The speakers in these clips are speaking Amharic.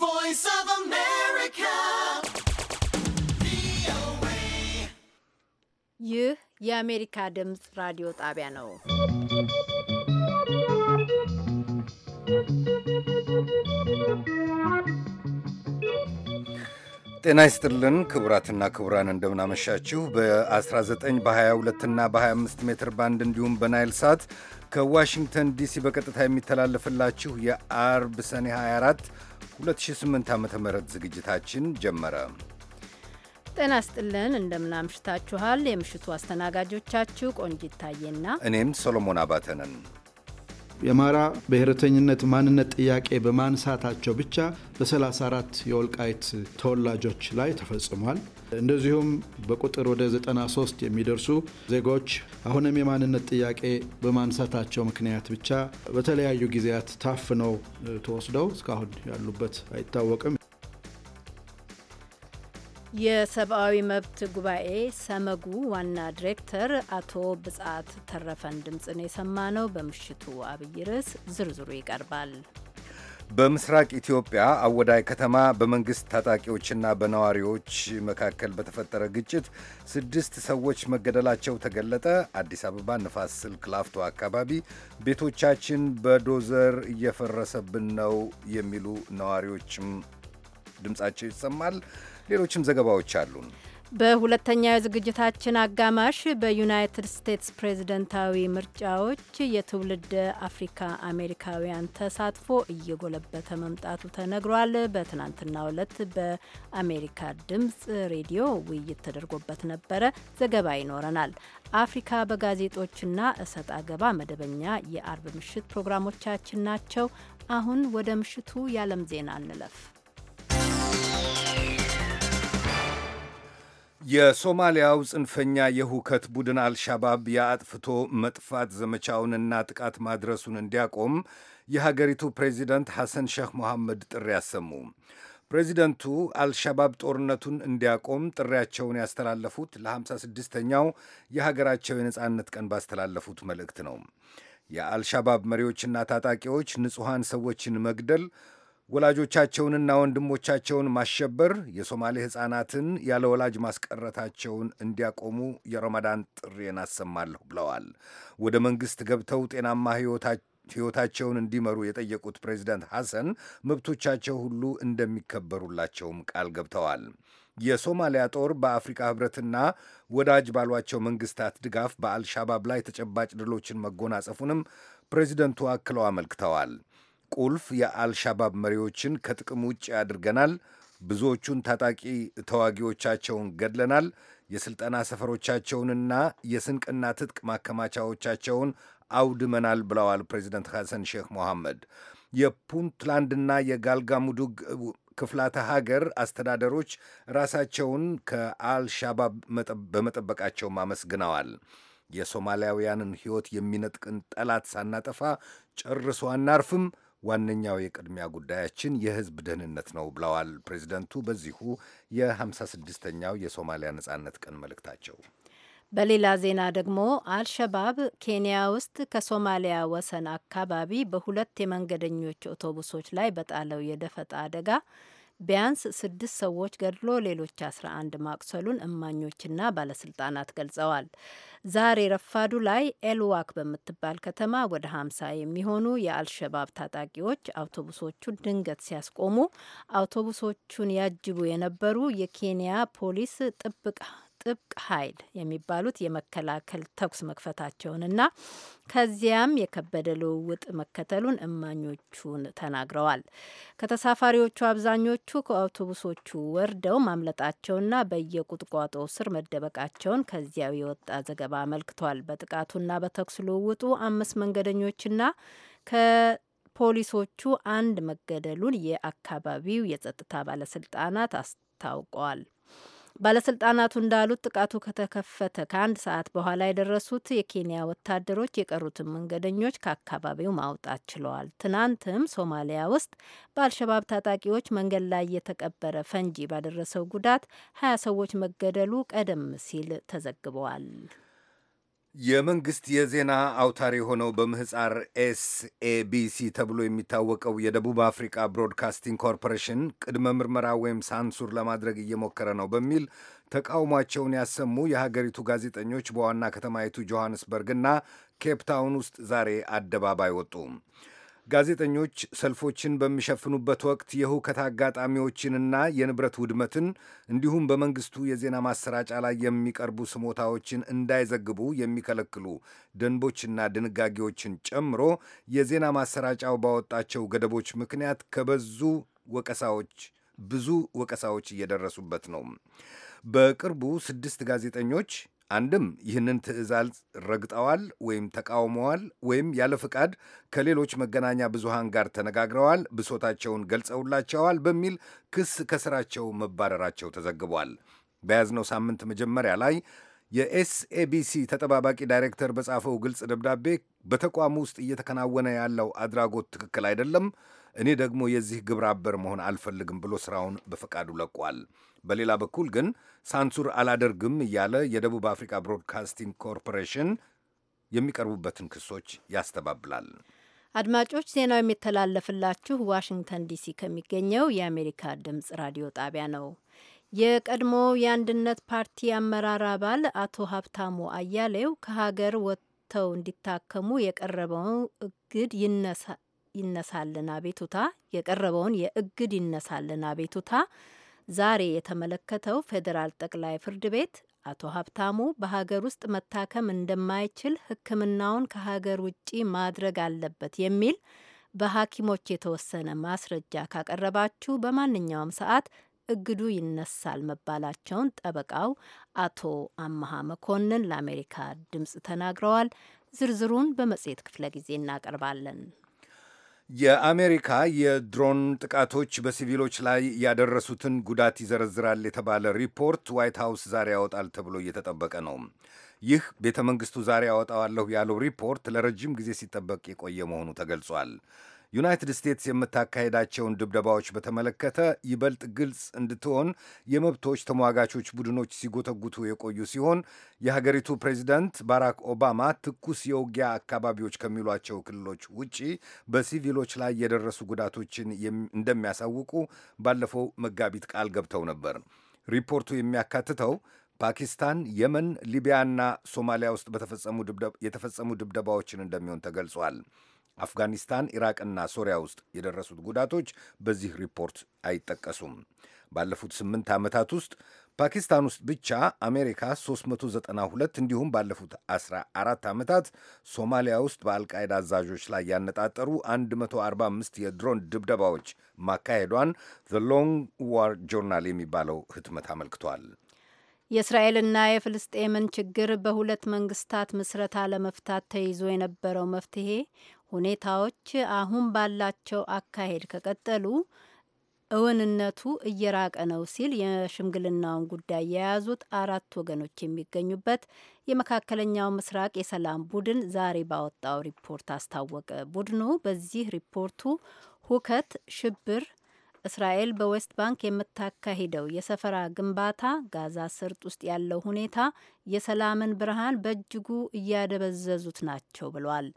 voice of America. ይህ የአሜሪካ ድምፅ ራዲዮ ጣቢያ ነው። ጤና ይስጥልን ክቡራትና ክቡራን፣ እንደምናመሻችሁ። በ19 በ22 እና በ25 ሜትር ባንድ እንዲሁም በናይል ሳት ከዋሽንግተን ዲሲ በቀጥታ የሚተላለፍላችሁ የአርብ ሰኔ 24 2008 ዓ ም ዝግጅታችን ጀመረ። ጤና ስጥልን እንደምናምሽታችኋል። የምሽቱ አስተናጋጆቻችሁ ቆንጂት ታዬና እኔም ሶሎሞን አባተ ነን። የአማራ ብሔረተኝነት ማንነት ጥያቄ በማንሳታቸው ብቻ በ34 የወልቃይት ተወላጆች ላይ ተፈጽሟል። እንደዚሁም በቁጥር ወደ 93 የሚደርሱ ዜጎች አሁንም የማንነት ጥያቄ በማንሳታቸው ምክንያት ብቻ በተለያዩ ጊዜያት ታፍነው ተወስደው እስካሁን ያሉበት አይታወቅም። የሰብአዊ መብት ጉባኤ ሰመጉ ዋና ዲሬክተር አቶ ብጻት ተረፈን የሰማ ነው በምሽቱ አብይ ርዕስ ዝርዝሩ ይቀርባል። በምስራቅ ኢትዮጵያ አወዳይ ከተማ በመንግሥት ታጣቂዎችና በነዋሪዎች መካከል በተፈጠረ ግጭት ስድስት ሰዎች መገደላቸው ተገለጠ። አዲስ አበባ ንፋስ ስልክ ላፍቶ አካባቢ ቤቶቻችን በዶዘር እየፈረሰብን ነው የሚሉ ነዋሪዎችም ድምፃቸው ይሰማል። ሌሎችም ዘገባዎች አሉን። በሁለተኛው የዝግጅታችን አጋማሽ በዩናይትድ ስቴትስ ፕሬዝደንታዊ ምርጫዎች የትውልድ አፍሪካ አሜሪካውያን ተሳትፎ እየጎለበተ መምጣቱ ተነግሯል። በትናንትናው ዕለት በአሜሪካ ድምፅ ሬዲዮ ውይይት ተደርጎበት ነበረ። ዘገባ ይኖረናል። አፍሪካ በጋዜጦችና እሰጥ አገባ መደበኛ የአርብ ምሽት ፕሮግራሞቻችን ናቸው። አሁን ወደ ምሽቱ የዓለም ዜና እንለፍ። የሶማሊያው ጽንፈኛ የሁከት ቡድን አልሻባብ የአጥፍቶ መጥፋት ዘመቻውንና ጥቃት ማድረሱን እንዲያቆም የሀገሪቱ ፕሬዚደንት ሐሰን ሼህ መሐመድ ጥሪ አሰሙ። ፕሬዚደንቱ አልሻባብ ጦርነቱን እንዲያቆም ጥሪያቸውን ያስተላለፉት ለ56ኛው የሀገራቸው የነጻነት ቀን ባስተላለፉት መልእክት ነው። የአልሻባብ መሪዎችና ታጣቂዎች ንጹሐን ሰዎችን መግደል ወላጆቻቸውንና ወንድሞቻቸውን ማሸበር የሶማሌ ሕፃናትን ያለ ወላጅ ማስቀረታቸውን እንዲያቆሙ የረመዳን ጥሪን አሰማለሁ ብለዋል። ወደ መንግሥት ገብተው ጤናማ ሕይወታቸውን እንዲመሩ የጠየቁት ፕሬዚዳንት ሐሰን መብቶቻቸው ሁሉ እንደሚከበሩላቸውም ቃል ገብተዋል። የሶማሊያ ጦር በአፍሪካ ህብረትና ወዳጅ ባሏቸው መንግስታት ድጋፍ በአልሻባብ ላይ ተጨባጭ ድሎችን መጎናጸፉንም ፕሬዚደንቱ አክለው አመልክተዋል። ቁልፍ የአልሻባብ መሪዎችን ከጥቅም ውጭ አድርገናል፣ ብዙዎቹን ታጣቂ ተዋጊዎቻቸውን ገድለናል፣ የሥልጠና ሰፈሮቻቸውንና የስንቅና ትጥቅ ማከማቻዎቻቸውን አውድመናል ብለዋል ፕሬዚደንት ሐሰን ሼክ ሞሐመድ። የፑንትላንድና የጋልጋሙዱግ ክፍላተ ሀገር አስተዳደሮች ራሳቸውን ከአልሻባብ በመጠበቃቸውም አመስግነዋል። የሶማሊያውያንን ሕይወት የሚነጥቅን ጠላት ሳናጠፋ ጨርሶ አናርፍም፣ ዋነኛው የቅድሚያ ጉዳያችን የህዝብ ደህንነት ነው ብለዋል ፕሬዚደንቱ በዚሁ የ56ኛው የሶማሊያ ነጻነት ቀን መልእክታቸው። በሌላ ዜና ደግሞ አልሸባብ ኬንያ ውስጥ ከሶማሊያ ወሰን አካባቢ በሁለት የመንገደኞች አውቶቡሶች ላይ በጣለው የደፈጣ አደጋ ቢያንስ ስድስት ሰዎች ገድሎ ሌሎች 11 ማቁሰሉን እማኞችና ባለስልጣናት ገልጸዋል። ዛሬ ረፋዱ ላይ ኤልዋክ በምትባል ከተማ ወደ 50 የሚሆኑ የአልሸባብ ታጣቂዎች አውቶቡሶቹን ድንገት ሲያስቆሙ አውቶቡሶቹን ያጅቡ የነበሩ የኬንያ ፖሊስ ጥብቃ ጥብቅ ኃይል የሚባሉት የመከላከል ተኩስ መክፈታቸውንና ከዚያም የከበደ ልውውጥ መከተሉን እማኞቹን ተናግረዋል። ከተሳፋሪዎቹ አብዛኞቹ ከአውቶቡሶቹ ወርደው ማምለጣቸውና በየቁጥቋጦ ስር መደበቃቸውን ከዚያው የወጣ ዘገባ አመልክቷል። በጥቃቱና በተኩስ ልውውጡ አምስት መንገደኞችና ከ ፖሊሶቹ አንድ መገደሉን የአካባቢው የጸጥታ ባለስልጣናት አስታውቀዋል። ባለስልጣናቱ እንዳሉት ጥቃቱ ከተከፈተ ከአንድ ሰዓት በኋላ የደረሱት የኬንያ ወታደሮች የቀሩትን መንገደኞች ከአካባቢው ማውጣት ችለዋል። ትናንትም ሶማሊያ ውስጥ በአልሸባብ ታጣቂዎች መንገድ ላይ የተቀበረ ፈንጂ ባደረሰው ጉዳት ሀያ ሰዎች መገደሉ ቀደም ሲል ተዘግበዋል። የመንግስት የዜና አውታር የሆነው በምህፃር ኤስኤቢሲ ተብሎ የሚታወቀው የደቡብ አፍሪካ ብሮድካስቲንግ ኮርፖሬሽን ቅድመ ምርመራ ወይም ሳንሱር ለማድረግ እየሞከረ ነው በሚል ተቃውሟቸውን ያሰሙ የሀገሪቱ ጋዜጠኞች በዋና ከተማይቱ ጆሐንስበርግና ኬፕታውን ውስጥ ዛሬ አደባባይ ወጡ። ጋዜጠኞች ሰልፎችን በሚሸፍኑበት ወቅት የሁከት አጋጣሚዎችንና የንብረት ውድመትን እንዲሁም በመንግስቱ የዜና ማሰራጫ ላይ የሚቀርቡ ስሞታዎችን እንዳይዘግቡ የሚከለክሉ ደንቦችና ድንጋጌዎችን ጨምሮ የዜና ማሰራጫው ባወጣቸው ገደቦች ምክንያት ከበዙ ወቀሳዎች ብዙ ወቀሳዎች እየደረሱበት ነው። በቅርቡ ስድስት ጋዜጠኞች አንድም ይህንን ትዕዛዝ ረግጠዋል ወይም ተቃውመዋል ወይም ያለ ፍቃድ ከሌሎች መገናኛ ብዙሃን ጋር ተነጋግረዋል፣ ብሶታቸውን ገልጸውላቸዋል በሚል ክስ ከስራቸው መባረራቸው ተዘግቧል። በያዝነው ሳምንት መጀመሪያ ላይ የኤስኤቢሲ ተጠባባቂ ዳይሬክተር በጻፈው ግልጽ ደብዳቤ በተቋሙ ውስጥ እየተከናወነ ያለው አድራጎት ትክክል አይደለም፣ እኔ ደግሞ የዚህ ግብረ አበር መሆን አልፈልግም ብሎ ስራውን በፈቃዱ ለቋል። በሌላ በኩል ግን ሳንሱር አላደርግም እያለ የደቡብ አፍሪካ ብሮድካስቲንግ ኮርፖሬሽን የሚቀርቡበትን ክሶች ያስተባብላል። አድማጮች ዜናው የሚተላለፍላችሁ ዋሽንግተን ዲሲ ከሚገኘው የአሜሪካ ድምጽ ራዲዮ ጣቢያ ነው። የቀድሞ የአንድነት ፓርቲ አመራር አባል አቶ ሀብታሙ አያሌው ከሀገር ወጥተው እንዲታከሙ የቀረበው እግድ ይነሳልን አቤቱታ የቀረበውን የእግድ ይነሳልን አቤቱታ ዛሬ የተመለከተው ፌዴራል ጠቅላይ ፍርድ ቤት አቶ ሀብታሙ በሀገር ውስጥ መታከም እንደማይችል ሕክምናውን ከሀገር ውጪ ማድረግ አለበት የሚል በሐኪሞች የተወሰነ ማስረጃ ካቀረባችሁ በማንኛውም ሰዓት እግዱ ይነሳል መባላቸውን ጠበቃው አቶ አመሃ መኮንን ለአሜሪካ ድምፅ ተናግረዋል። ዝርዝሩን በመጽሔት ክፍለ ጊዜ እናቀርባለን። የአሜሪካ የድሮን ጥቃቶች በሲቪሎች ላይ ያደረሱትን ጉዳት ይዘረዝራል የተባለ ሪፖርት ዋይት ሀውስ ዛሬ ያወጣል ተብሎ እየተጠበቀ ነው። ይህ ቤተ መንግስቱ ዛሬ ያወጣዋለሁ ያለው ሪፖርት ለረጅም ጊዜ ሲጠበቅ የቆየ መሆኑ ተገልጿል። ዩናይትድ ስቴትስ የምታካሄዳቸውን ድብደባዎች በተመለከተ ይበልጥ ግልጽ እንድትሆን የመብቶች ተሟጋቾች ቡድኖች ሲጎተጉቱ የቆዩ ሲሆን የሀገሪቱ ፕሬዚደንት ባራክ ኦባማ ትኩስ የውጊያ አካባቢዎች ከሚሏቸው ክልሎች ውጪ በሲቪሎች ላይ የደረሱ ጉዳቶችን እንደሚያሳውቁ ባለፈው መጋቢት ቃል ገብተው ነበር። ሪፖርቱ የሚያካትተው ፓኪስታን፣ የመን፣ ሊቢያና ሶማሊያ ውስጥ የተፈጸሙ ድብደባዎችን እንደሚሆን ተገልጿል። አፍጋኒስታን፣ ኢራቅና ሶሪያ ውስጥ የደረሱት ጉዳቶች በዚህ ሪፖርት አይጠቀሱም። ባለፉት ስምንት ዓመታት ውስጥ ፓኪስታን ውስጥ ብቻ አሜሪካ 392 እንዲሁም ባለፉት 14 ዓመታት ሶማሊያ ውስጥ በአልቃይዳ አዛዦች ላይ ያነጣጠሩ 145 የድሮን ድብደባዎች ማካሄዷን ዘ ሎንግ ዋር ጆርናል የሚባለው ህትመት አመልክቷል። የእስራኤልና የፍልስጤምን ችግር በሁለት መንግስታት ምስረታ ለመፍታት ተይዞ የነበረው መፍትሄ ሁኔታዎች አሁን ባላቸው አካሄድ ከቀጠሉ እውንነቱ እየራቀ ነው ሲል የሽምግልናውን ጉዳይ የያዙት አራት ወገኖች የሚገኙበት የመካከለኛው ምስራቅ የሰላም ቡድን ዛሬ ባወጣው ሪፖርት አስታወቀ። ቡድኑ በዚህ ሪፖርቱ ሁከት፣ ሽብር እስራኤል በዌስት ባንክ የምታካሂደው የሰፈራ ግንባታ ጋዛ ስርጥ ውስጥ ያለው ሁኔታ የሰላምን ብርሃን በእጅጉ እያደበዘዙት ናቸው ብሏል።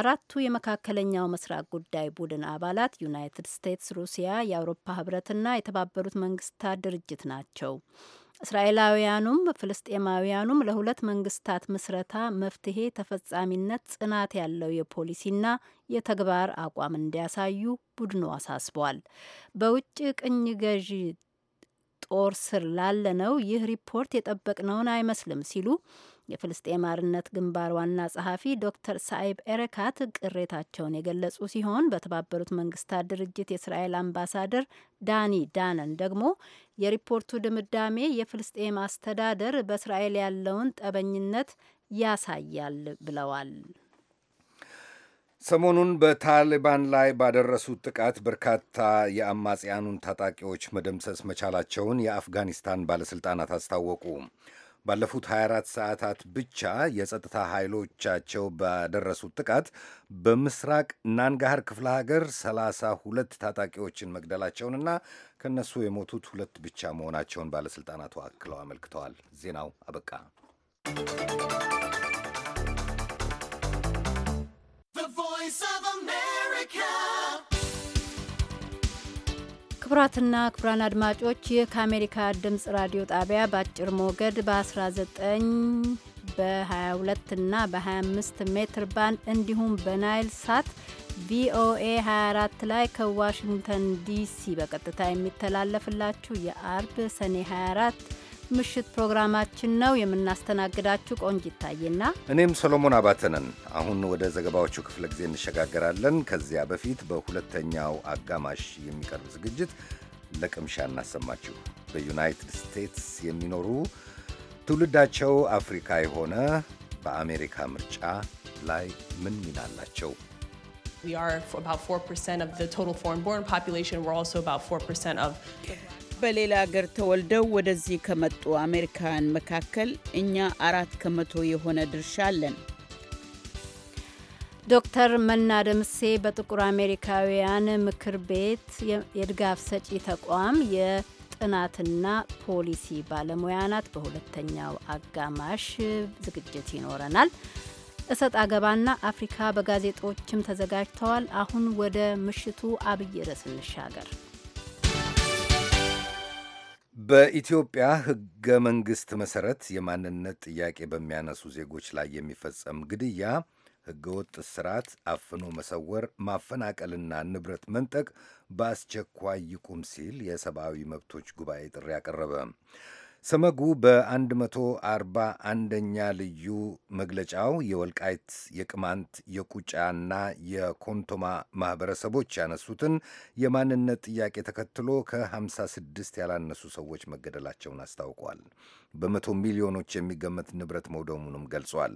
አራቱ የመካከለኛው ምስራቅ ጉዳይ ቡድን አባላት ዩናይትድ ስቴትስ፣ ሩሲያ፣ የአውሮፓ ህብረትና የተባበሩት መንግስታት ድርጅት ናቸው። እስራኤላውያኑም ፍልስጤማውያኑም ለሁለት መንግስታት ምስረታ መፍትሄ ተፈጻሚነት ጽናት ያለው የፖሊሲና የተግባር አቋም እንዲያሳዩ ቡድኑ አሳስቧል። በውጭ ቅኝ ገዢ ጦር ስር ላለነው ይህ ሪፖርት የጠበቅነውን አይመስልም ሲሉ የፍልስጤም አርነት ግንባር ዋና ጸሐፊ ዶክተር ሳይብ ኤረካት ቅሬታቸውን የገለጹ ሲሆን በተባበሩት መንግስታት ድርጅት የእስራኤል አምባሳደር ዳኒ ዳነን ደግሞ የሪፖርቱ ድምዳሜ የፍልስጤም አስተዳደር በእስራኤል ያለውን ጠበኝነት ያሳያል ብለዋል። ሰሞኑን በታሊባን ላይ ባደረሱት ጥቃት በርካታ የአማጽያኑን ታጣቂዎች መደምሰስ መቻላቸውን የአፍጋኒስታን ባለሥልጣናት አስታወቁ። ባለፉት 24 ሰዓታት ብቻ የጸጥታ ኃይሎቻቸው ባደረሱት ጥቃት በምስራቅ ናንጋሃር ክፍለ ሀገር 32 ታጣቂዎችን መግደላቸውንና ከእነሱ የሞቱት ሁለት ብቻ መሆናቸውን ባለሥልጣናቱ አክለው አመልክተዋል። ዜናው አበቃ። ክቡራትና ክቡራን አድማጮች ይህ ከአሜሪካ ድምፅ ራዲዮ ጣቢያ በአጭር ሞገድ በ19 በ22 እና በ25 ሜትር ባንድ እንዲሁም በናይል ሳት ቪኦኤ 24 ላይ ከዋሽንግተን ዲሲ በቀጥታ የሚተላለፍላችሁ የአርብ ሰኔ 24 ምሽት ፕሮግራማችን ነው የምናስተናግዳችሁ ቆንጅ ይታየና እኔም ሰሎሞን አባተነን። አሁን ወደ ዘገባዎቹ ክፍለ ጊዜ እንሸጋገራለን። ከዚያ በፊት በሁለተኛው አጋማሽ የሚቀርብ ዝግጅት ለቅምሻ እናሰማችሁ። በዩናይትድ ስቴትስ የሚኖሩ ትውልዳቸው አፍሪካ የሆነ በአሜሪካ ምርጫ ላይ ምን ሚና አላቸው? We are about 4% of the total foreign born population. We're also about 4% of. በሌላ አገር ተወልደው ወደዚህ ከመጡ አሜሪካውያን መካከል እኛ አራት ከመቶ የሆነ ድርሻ አለን። ዶክተር መና ደምሴ በጥቁር አሜሪካውያን ምክር ቤት የድጋፍ ሰጪ ተቋም የጥናትና ፖሊሲ ባለሙያ ናት። በሁለተኛው አጋማሽ ዝግጅት ይኖረናል። እሰጥ አገባና አፍሪካ በጋዜጦችም ተዘጋጅተዋል። አሁን ወደ ምሽቱ አብይ ርዕስ እንሻገር። በኢትዮጵያ ሕገ መንግሥት መሠረት የማንነት ጥያቄ በሚያነሱ ዜጎች ላይ የሚፈጸም ግድያ፣ ሕገወጥ ስርዓት፣ አፍኖ መሰወር፣ ማፈናቀልና ንብረት መንጠቅ በአስቸኳይ ይቁም ሲል የሰብአዊ መብቶች ጉባኤ ጥሪ አቀረበ። ሰመጉ በ 141 አንደኛ ልዩ መግለጫው የወልቃይት የቅማንት የቁጫና የኮንቶማ ማህበረሰቦች ያነሱትን የማንነት ጥያቄ ተከትሎ ከ56 ያላነሱ ሰዎች መገደላቸውን አስታውቋል። በመቶ ሚሊዮኖች የሚገመት ንብረት መውደሙንም ገልጿል።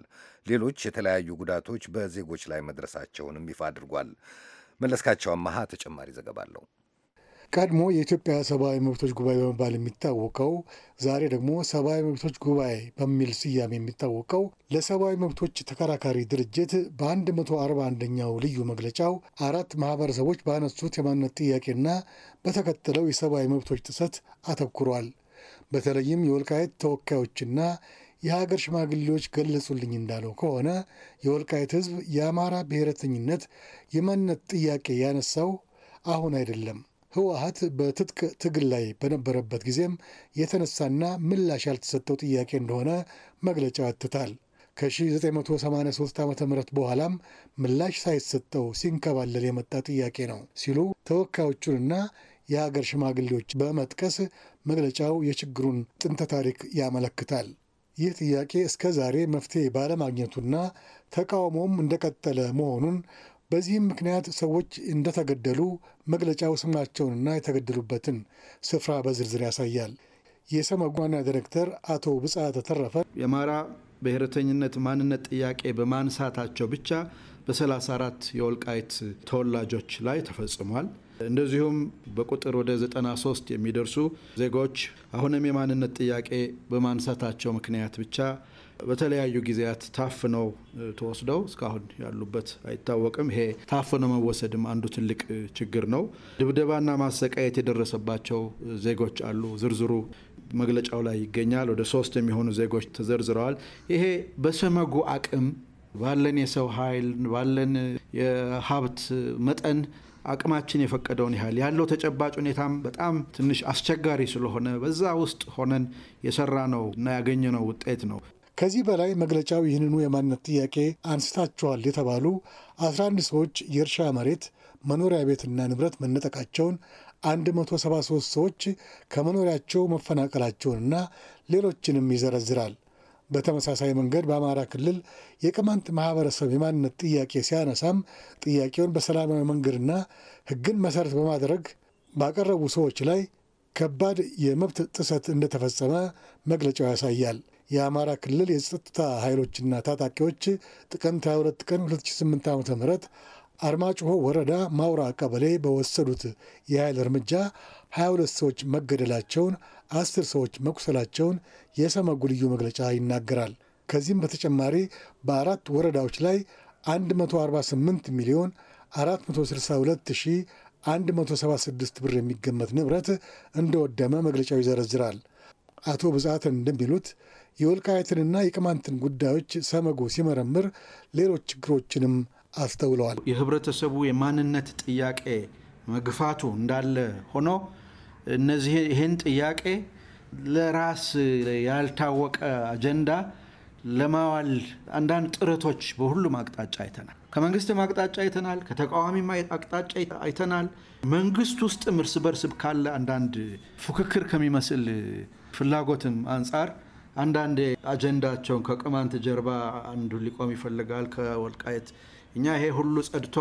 ሌሎች የተለያዩ ጉዳቶች በዜጎች ላይ መድረሳቸውንም ይፋ አድርጓል። መለስካቸው አመሃ ተጨማሪ ዘገባ አለው። ቀድሞ የኢትዮጵያ ሰብአዊ መብቶች ጉባኤ በመባል የሚታወቀው ዛሬ ደግሞ ሰብአዊ መብቶች ጉባኤ በሚል ስያሜ የሚታወቀው ለሰብአዊ መብቶች ተከራካሪ ድርጅት በ141ኛው ልዩ መግለጫው አራት ማህበረሰቦች ባነሱት የማንነት ጥያቄና በተከተለው የሰብአዊ መብቶች ጥሰት አተኩሯል። በተለይም የወልቃየት ተወካዮችና የሀገር ሽማግሌዎች ገለጹልኝ እንዳለው ከሆነ የወልቃየት ሕዝብ የአማራ ብሔረተኝነት የማንነት ጥያቄ ያነሳው አሁን አይደለም ህወሀት በትጥቅ ትግል ላይ በነበረበት ጊዜም የተነሳና ምላሽ ያልተሰጠው ጥያቄ እንደሆነ መግለጫው ያትታል። ከ1983 ዓ ም በኋላም ምላሽ ሳይሰጠው ሲንከባለል የመጣ ጥያቄ ነው ሲሉ ተወካዮቹንና የሀገር ሽማግሌዎች በመጥቀስ መግለጫው የችግሩን ጥንተ ታሪክ ያመለክታል። ይህ ጥያቄ እስከ ዛሬ መፍትሄ ባለማግኘቱና ተቃውሞም እንደቀጠለ መሆኑን በዚህም ምክንያት ሰዎች እንደተገደሉ መግለጫው ስማቸውንና የተገደሉበትን ስፍራ በዝርዝር ያሳያል። የሰመጉ ዋና ዲሬክተር አቶ ብጻ ተተረፈ የአማራ ብሔረተኝነት ማንነት ጥያቄ በማንሳታቸው ብቻ በ34 የወልቃይት ተወላጆች ላይ ተፈጽሟል። እንደዚሁም በቁጥር ወደ 93 የሚደርሱ ዜጎች አሁንም የማንነት ጥያቄ በማንሳታቸው ምክንያት ብቻ በተለያዩ ጊዜያት ታፍነው ተወስደው እስካሁን ያሉበት አይታወቅም። ይሄ ታፍነው መወሰድም አንዱ ትልቅ ችግር ነው። ድብደባና ማሰቃየት የደረሰባቸው ዜጎች አሉ። ዝርዝሩ መግለጫው ላይ ይገኛል። ወደ ሶስት የሚሆኑ ዜጎች ተዘርዝረዋል። ይሄ በሰመጉ አቅም ባለን የሰው ኃይል ባለን የሀብት መጠን አቅማችን የፈቀደውን ያህል ያለው ተጨባጭ ሁኔታም በጣም ትንሽ አስቸጋሪ ስለሆነ በዛ ውስጥ ሆነን የሰራ ነው እና ያገኘነው ውጤት ነው። ከዚህ በላይ መግለጫው ይህንኑ የማንነት ጥያቄ አንስታችኋል የተባሉ 11 ሰዎች የእርሻ መሬት መኖሪያ ቤትና ንብረት መነጠቃቸውን 173 ሰዎች ከመኖሪያቸው መፈናቀላቸውንና ሌሎችንም ይዘረዝራል። በተመሳሳይ መንገድ በአማራ ክልል የቅማንት ማህበረሰብ የማንነት ጥያቄ ሲያነሳም ጥያቄውን በሰላማዊ መንገድና ሕግን መሰረት በማድረግ ባቀረቡ ሰዎች ላይ ከባድ የመብት ጥሰት እንደተፈጸመ መግለጫው ያሳያል። የአማራ ክልል የጸጥታ ኃይሎችና ታጣቂዎች ጥቅምት 22 ቀን 2008 ዓ ም አርማጭሆ ወረዳ ማውራ ቀበሌ በወሰዱት የኃይል እርምጃ 22 ሰዎች መገደላቸውን፣ አስር ሰዎች መቁሰላቸውን የሰመጉ ልዩ መግለጫ ይናገራል። ከዚህም በተጨማሪ በአራት ወረዳዎች ላይ 148 ሚሊዮን 462176 ብር የሚገመት ንብረት እንደወደመ መግለጫው ይዘረዝራል። አቶ ብዛትን እንደሚሉት የወልቃየትንና የቅማንትን ጉዳዮች ሰመጉ ሲመረምር ሌሎች ችግሮችንም አስተውለዋል። የህብረተሰቡ የማንነት ጥያቄ መግፋቱ እንዳለ ሆኖ እነዚህ ይህን ጥያቄ ለራስ ያልታወቀ አጀንዳ ለማዋል አንዳንድ ጥረቶች በሁሉም አቅጣጫ አይተናል። ከመንግስትም አቅጣጫ አይተናል። ከተቃዋሚም አቅጣጫ አይተናል። መንግስት ውስጥ እርስ በርስ ካለ አንዳንድ ፉክክር ከሚመስል ፍላጎትም አንጻር አንዳንዴ አጀንዳቸውን ከቅማንት ጀርባ አንዱ ሊቆም ይፈልጋል ከወልቃየት እኛ ይሄ ሁሉ ጸድቶ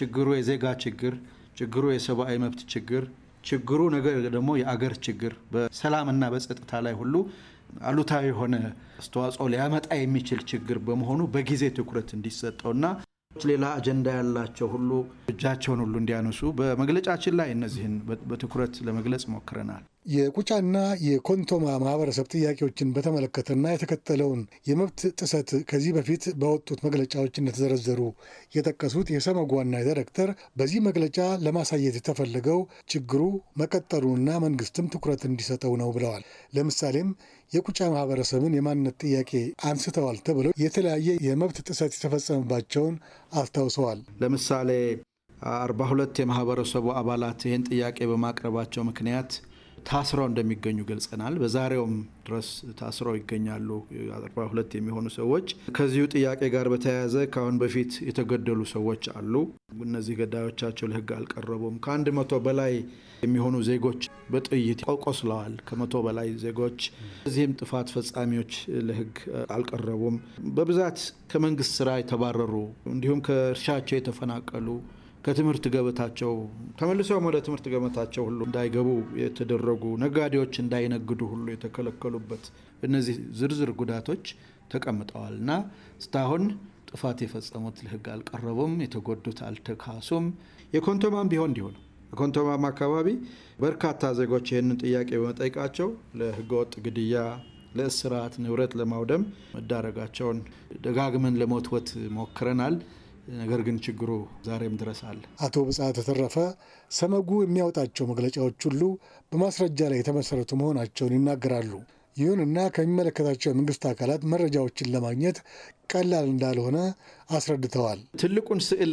ችግሩ የዜጋ ችግር፣ ችግሩ የሰብአዊ መብት ችግር፣ ችግሩ ነገር ደግሞ የአገር ችግር በሰላምና በጸጥታ ላይ ሁሉ አሉታዊ የሆነ አስተዋጽኦ ሊያመጣ የሚችል ችግር በመሆኑ በጊዜ ትኩረት እንዲሰጠውና ሌላ አጀንዳ ያላቸው ሁሉ እጃቸውን ሁሉ እንዲያነሱ በመግለጫችን ላይ እነዚህን በትኩረት ለመግለጽ ሞክረናል። የቁጫና የኮንቶማ ማህበረሰብ ጥያቄዎችን በተመለከተና የተከተለውን የመብት ጥሰት ከዚህ በፊት በወጡት መግለጫዎች እንደተዘረዘሩ የጠቀሱት የሰመጉ ዋና ዳይሬክተር በዚህ መግለጫ ለማሳየት የተፈለገው ችግሩ መቀጠሉንና መንግስትም ትኩረት እንዲሰጠው ነው ብለዋል። ለምሳሌም የቁጫ ማህበረሰብን የማንነት ጥያቄ አንስተዋል ተብለው የተለያየ የመብት ጥሰት የተፈጸመባቸውን አስታውሰዋል። ለምሳሌ አርባ ሁለት የማህበረሰቡ አባላት ይህን ጥያቄ በማቅረባቸው ምክንያት ታስረው እንደሚገኙ ገልጸናል። በዛሬውም ድረስ ታስረው ይገኛሉ። አርባ ሁለት የሚሆኑ ሰዎች ከዚሁ ጥያቄ ጋር በተያያዘ ከአሁን በፊት የተገደሉ ሰዎች አሉ። እነዚህ ገዳዮቻቸው ለሕግ አልቀረቡም። ከአንድ መቶ በላይ የሚሆኑ ዜጎች በጥይት ቆስለዋል። ከመቶ በላይ ዜጎች እዚህም ጥፋት ፈጻሚዎች ለሕግ አልቀረቡም። በብዛት ከመንግስት ስራ የተባረሩ እንዲሁም ከእርሻቸው የተፈናቀሉ ከትምህርት ገበታቸው ተመልሰውም ወደ ትምህርት ገበታቸው ሁሉ እንዳይገቡ የተደረጉ ነጋዴዎች እንዳይነግዱ ሁሉ የተከለከሉበት እነዚህ ዝርዝር ጉዳቶች ተቀምጠዋል እና እስካሁን ጥፋት የፈጸሙት ለሕግ አልቀረቡም፣ የተጎዱት አልተካሱም። የኮንቶማም ቢሆን እንዲሁ ነው። የኮንቶማም አካባቢ በርካታ ዜጎች ይህንን ጥያቄ በመጠየቃቸው ለሕገወጥ ግድያ ለእስራት ንብረት ለማውደም መዳረጋቸውን ደጋግመን ለመወትወት ሞክረናል። ነገር ግን ችግሩ ዛሬም ድረስ አለ። አቶ ብጻ ተተረፈ ሰመጉ የሚያወጣቸው መግለጫዎች ሁሉ በማስረጃ ላይ የተመሰረቱ መሆናቸውን ይናገራሉ። ይሁንና ከሚመለከታቸው የመንግስት አካላት መረጃዎችን ለማግኘት ቀላል እንዳልሆነ አስረድተዋል። ትልቁን ስዕል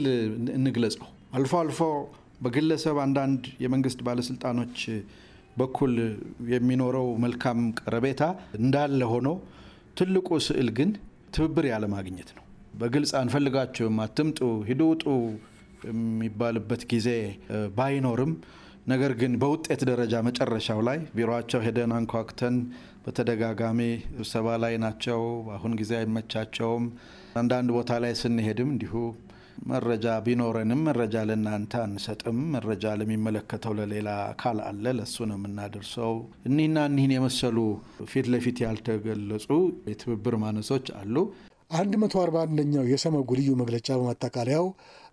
እንግለጸው። አልፎ አልፎ በግለሰብ አንዳንድ የመንግስት ባለስልጣኖች በኩል የሚኖረው መልካም ቀረቤታ እንዳለ ሆኖ ትልቁ ስዕል ግን ትብብር ያለማግኘት ነው። በግልጽ አንፈልጋቸውም አትምጡ፣ ሂዱ፣ ውጡ የሚባልበት ጊዜ ባይኖርም ነገር ግን በውጤት ደረጃ መጨረሻው ላይ ቢሮቸው ሄደን አንኳክተን በተደጋጋሚ ስብሰባ ላይ ናቸው፣ አሁን ጊዜ አይመቻቸውም። አንዳንድ ቦታ ላይ ስንሄድም እንዲሁ መረጃ ቢኖረንም መረጃ ለእናንተ አንሰጥም፣ መረጃ ለሚመለከተው ለሌላ አካል አለ፣ ለሱ ነው የምናደርሰው። እኒህና እኒህን የመሰሉ ፊት ለፊት ያልተገለጹ የትብብር ማነሶች አሉ። 141ኛው የሰመጉ ልዩ መግለጫ በማጠቃለያው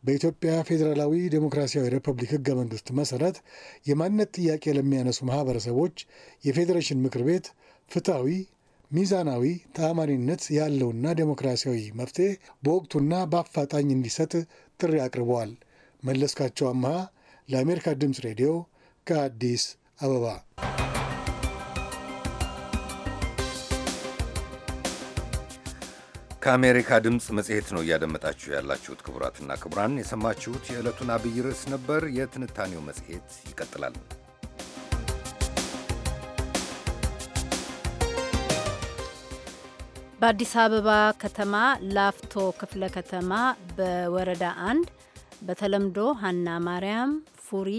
በኢትዮጵያ ፌዴራላዊ ዴሞክራሲያዊ ሪፐብሊክ ህገ መንግስት መሠረት የማንነት ጥያቄ ለሚያነሱ ማኅበረሰቦች የፌዴሬሽን ምክር ቤት ፍትሐዊ፣ ሚዛናዊ፣ ተአማኒነት ያለውና ዴሞክራሲያዊ መፍትሔ በወቅቱና በአፋጣኝ እንዲሰጥ ጥሪ አቅርበዋል። መለስካቸው አምሃ ለአሜሪካ ድምፅ ሬዲዮ ከአዲስ አበባ ከአሜሪካ ድምፅ መጽሔት ነው እያደመጣችሁ ያላችሁት። ክቡራትና ክቡራን የሰማችሁት የዕለቱን አብይ ርዕስ ነበር። የትንታኔው መጽሔት ይቀጥላል። በአዲስ አበባ ከተማ ላፍቶ ክፍለ ከተማ በወረዳ አንድ በተለምዶ ሀና ማርያም፣ ፉሪ፣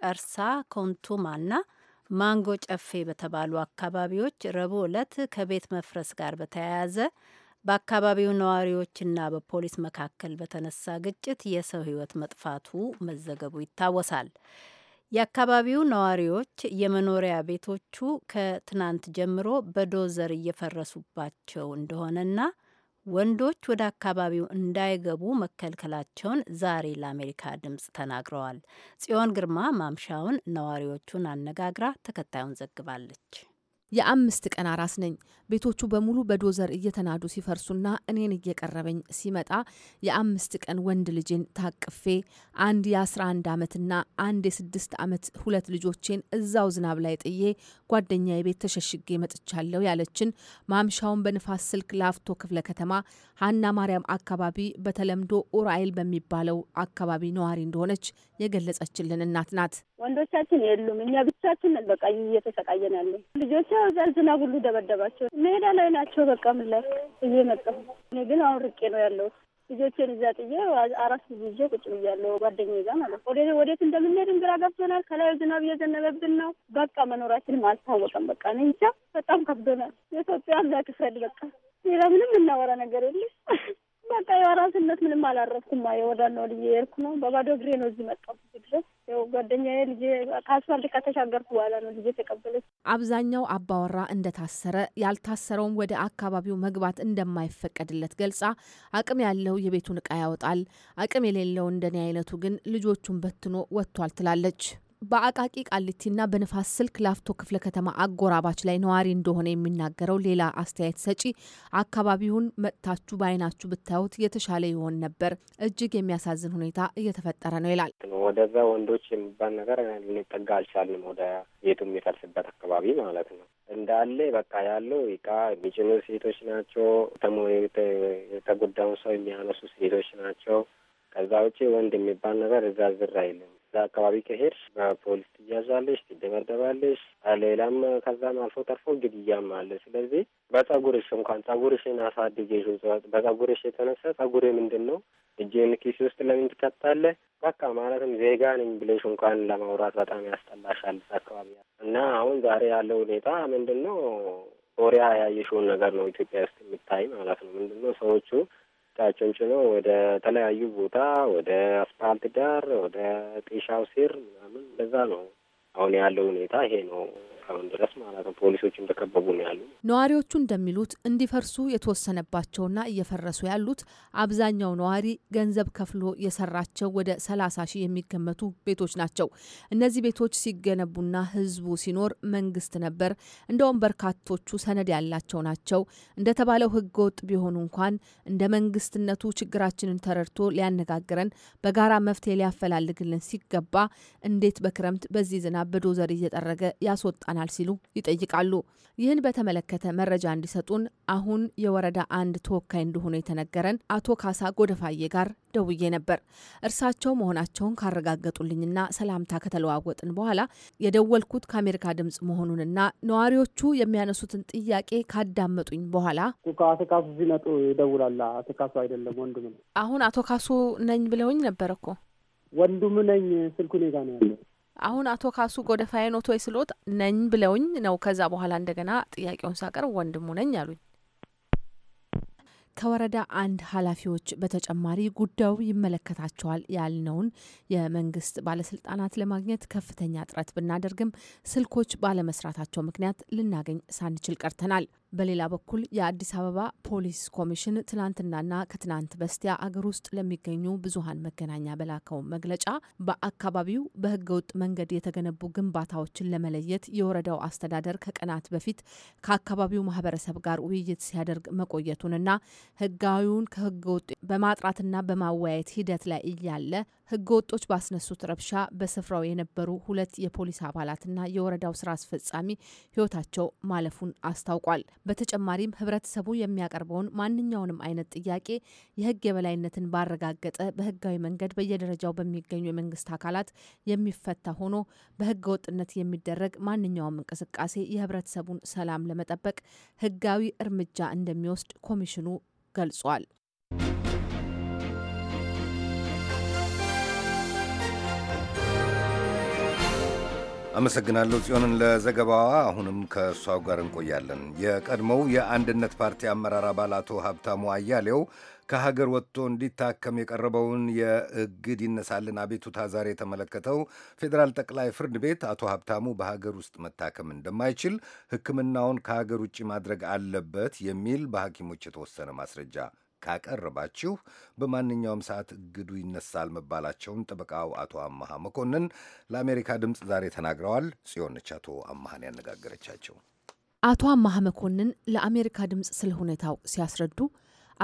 ቀርሳ፣ ኮንቱማና ማንጎ ጨፌ በተባሉ አካባቢዎች ረቡዕ ዕለት ከቤት መፍረስ ጋር በተያያዘ በአካባቢው ነዋሪዎችና በፖሊስ መካከል በተነሳ ግጭት የሰው ሕይወት መጥፋቱ መዘገቡ ይታወሳል። የአካባቢው ነዋሪዎች የመኖሪያ ቤቶቹ ከትናንት ጀምሮ በዶዘር እየፈረሱባቸው እንደሆነና ወንዶች ወደ አካባቢው እንዳይገቡ መከልከላቸውን ዛሬ ለአሜሪካ ድምፅ ተናግረዋል። ጽዮን ግርማ ማምሻውን ነዋሪዎቹን አነጋግራ ተከታዩን ዘግባለች። የአምስት ቀን አራስ ነኝ ቤቶቹ በሙሉ በዶዘር እየተናዱ ሲፈርሱና እኔን እየቀረበኝ ሲመጣ የአምስት ቀን ወንድ ልጄን ታቅፌ አንድ የ11 ዓመትና አንድ የስድስት ዓመት ሁለት ልጆቼን እዛው ዝናብ ላይ ጥዬ ጓደኛ የቤት ተሸሽጌ መጥቻለሁ ያለችን ማምሻውን በንፋስ ስልክ ላፍቶ ክፍለ ከተማ ሀና ማርያም አካባቢ በተለምዶ ኡራኤል በሚባለው አካባቢ ነዋሪ እንደሆነች የገለጸችልን እናት ናት። ወንዶቻችን የሉም፣ እኛ ብቻችን በቃ እየተሰቃየን ያለ ልጆች ዝናብ ሁሉ ደበደባቸው። ሜዳ ላይ ናቸው። በቃ ምን ላይ እየመጣሁ እኔ ግን አሁን ርቄ ነው ያለሁት። ልጆችን እዛ ጥዬ አራት ልጅ ይዤ ቁጭ ብያለሁ፣ ጓደኛዬ ጋር ማለት ነው። ወዴት እንደምንሄድም ግራ ገብቶናል። ከላይ ዝናብ እየዘነበብን ነው። በቃ መኖራችን አልታወቀም። በቃ እኔ እንጃ በጣም ከብዶናል። የኢትዮጵያ አምላክ ፍረድ። በቃ ሌላ ምንም እናወራ ነገር የለም። በቃ የወራትነት ምንም አላረፍኩም። የወዳና ልጅ የሄድኩ ነው። በባዶ እግሬ ነው እዚህ መጣሁ። ድረስ ያው ጓደኛዬ ልጅ ከአስፋልት ከተሻገርኩ በኋላ ነው ልጅ የተቀበለች። አብዛኛው አባወራ እንደታሰረ ያልታሰረውም ወደ አካባቢው መግባት እንደማይፈቀድለት ገልጻ፣ አቅም ያለው የቤቱን እቃ ያወጣል፣ አቅም የሌለው እንደኔ አይነቱ ግን ልጆቹን በትኖ ወጥቷል ትላለች። በአቃቂ ቃሊቲና በንፋስ ስልክ ላፍቶ ክፍለ ከተማ አጎራባች ላይ ነዋሪ እንደሆነ የሚናገረው ሌላ አስተያየት ሰጪ አካባቢውን መጥታችሁ በአይናችሁ ብታዩት የተሻለ ይሆን ነበር፣ እጅግ የሚያሳዝን ሁኔታ እየተፈጠረ ነው ይላል። ወደዛ ወንዶች የሚባል ነገር ልንጠጋ አልቻልንም። ወደ ቤቱ የሚፈልስበት አካባቢ ማለት ነው እንዳለ በቃ ያለው እቃ የሚጭኑ ሴቶች ናቸው። ተሞ የተጎዳውን ሰው የሚያነሱ ሴቶች ናቸው። ከዛ ውጭ ወንድ የሚባል ነገር እዛ ዝር አይልም። እዛ አካባቢ ከሄድ በፖሊስ ትያዛለች፣ ትደበደባለች። ሌላም ከዛም አልፎ ተርፎ ግድያም አለ። ስለዚህ በጸጉርሽ እንኳን ጸጉርሽን አሳድጌሽ በጸጉርሽ የተነሳ ጸጉር ምንድን ነው እጅን ኪስ ውስጥ ለምን ትከታለህ? በቃ ማለትም ዜጋ ነኝ ብለሽ እንኳን ለማውራት በጣም ያስጠላሻል አካባቢ እና አሁን ዛሬ ያለው ሁኔታ ምንድን ነው? ሶሪያ ያየሽውን ነገር ነው ኢትዮጵያ ውስጥ የምታይ ማለት ነው። ምንድን ነው ሰዎቹ ጣቸውን ችሎ ወደ ተለያዩ ቦታ ወደ አስፓልት ዳር፣ ወደ ጤሻው ሲር ምናምን እንደዛ ነው። አሁን ያለው ሁኔታ ይሄ ነው። እስካሁን ድረስ ማለት ነው። ፖሊሶችም ተከበቡ ነው ያሉ። ነዋሪዎቹ እንደሚሉት እንዲፈርሱ የተወሰነባቸውና እየፈረሱ ያሉት አብዛኛው ነዋሪ ገንዘብ ከፍሎ የሰራቸው ወደ ሰላሳ ሺህ የሚገመቱ ቤቶች ናቸው። እነዚህ ቤቶች ሲገነቡና ህዝቡ ሲኖር መንግስት ነበር። እንደውም በርካቶቹ ሰነድ ያላቸው ናቸው። እንደተባለው ህገ ወጥ ቢሆኑ እንኳን እንደ መንግስትነቱ ችግራችንን ተረድቶ ሊያነጋግረን በጋራ መፍትሄ ሊያፈላልግልን ሲገባ እንዴት በክረምት በዚህ ዝናብ በዶዘር እየጠረገ ያስወጣል ይበቃናል ሲሉ ይጠይቃሉ። ይህን በተመለከተ መረጃ እንዲሰጡን አሁን የወረዳ አንድ ተወካይ እንደሆኑ የተነገረን አቶ ካሳ ጎደፋዬ ጋር ደውዬ ነበር። እርሳቸው መሆናቸውን ካረጋገጡልኝና ሰላምታ ከተለዋወጥን በኋላ የደወልኩት ከአሜሪካ ድምጽ መሆኑንና ነዋሪዎቹ የሚያነሱትን ጥያቄ ካዳመጡኝ በኋላ አቶ ካሱ ሲመጡ ይደውላል። አቶ ካሱ አይደለም ወንድም ነው። አሁን አቶ ካሱ ነኝ ብለውኝ ነበር እኮ ወንድም ነኝ። ስልኩ እኔ ጋ ነው ያለው አሁን አቶ ካሱ ጎደፋዬ ኖቶ ስሎት ነኝ ብለውኝ ነው። ከዛ በኋላ እንደገና ጥያቄውን ሳቀርብ ወንድሙ ነኝ አሉኝ። ከወረዳ አንድ ኃላፊዎች በተጨማሪ ጉዳዩ ይመለከታቸዋል ያልነውን የመንግስት ባለስልጣናት ለማግኘት ከፍተኛ ጥረት ብናደርግም ስልኮች ባለመስራታቸው ምክንያት ልናገኝ ሳንችል ቀርተናል። በሌላ በኩል የአዲስ አበባ ፖሊስ ኮሚሽን ትናንትናና ከትናንት በስቲያ አገር ውስጥ ለሚገኙ ብዙሀን መገናኛ በላከው መግለጫ በአካባቢው በህገ መንገድ የተገነቡ ግንባታዎችን ለመለየት የወረዳው አስተዳደር ከቀናት በፊት ከአካባቢው ማህበረሰብ ጋር ውይይት ሲያደርግ መቆየቱንና ህጋዊውን ከህገ በማጥራትና በማወያየት ሂደት ላይ እያለ ህገወጦች ባስነሱት ረብሻ በስፍራው የነበሩ ሁለት የፖሊስ አባላትና የወረዳው ስራ አስፈጻሚ ህይወታቸው ማለፉን አስታውቋል። በተጨማሪም ህብረተሰቡ የሚያቀርበውን ማንኛውንም አይነት ጥያቄ የህግ የበላይነትን ባረጋገጠ በህጋዊ መንገድ በየደረጃው በሚገኙ የመንግስት አካላት የሚፈታ ሆኖ በህገ ወጥነት የሚደረግ ማንኛውም እንቅስቃሴ የህብረተሰቡን ሰላም ለመጠበቅ ህጋዊ እርምጃ እንደሚወስድ ኮሚሽኑ ገልጿል። አመሰግናለሁ ጽዮንን ለዘገባዋ። አሁንም ከእሷው ጋር እንቆያለን። የቀድሞው የአንድነት ፓርቲ አመራር አባል አቶ ሀብታሙ አያሌው ከሀገር ወጥቶ እንዲታከም የቀረበውን የእግድ ይነሳልን አቤቱታ ዛሬ የተመለከተው ፌዴራል ጠቅላይ ፍርድ ቤት አቶ ሀብታሙ በሀገር ውስጥ መታከም እንደማይችል ሕክምናውን ከሀገር ውጭ ማድረግ አለበት የሚል በሐኪሞች የተወሰነ ማስረጃ ካቀረባችሁ በማንኛውም ሰዓት እግዱ ይነሳል መባላቸውን ጠበቃው አቶ አመሃ መኮንን ለአሜሪካ ድምፅ ዛሬ ተናግረዋል። ጽዮንች አቶ አመሃን ያነጋገረቻቸው አቶ አመሃ መኮንን ለአሜሪካ ድምፅ ስለ ሁኔታው ሲያስረዱ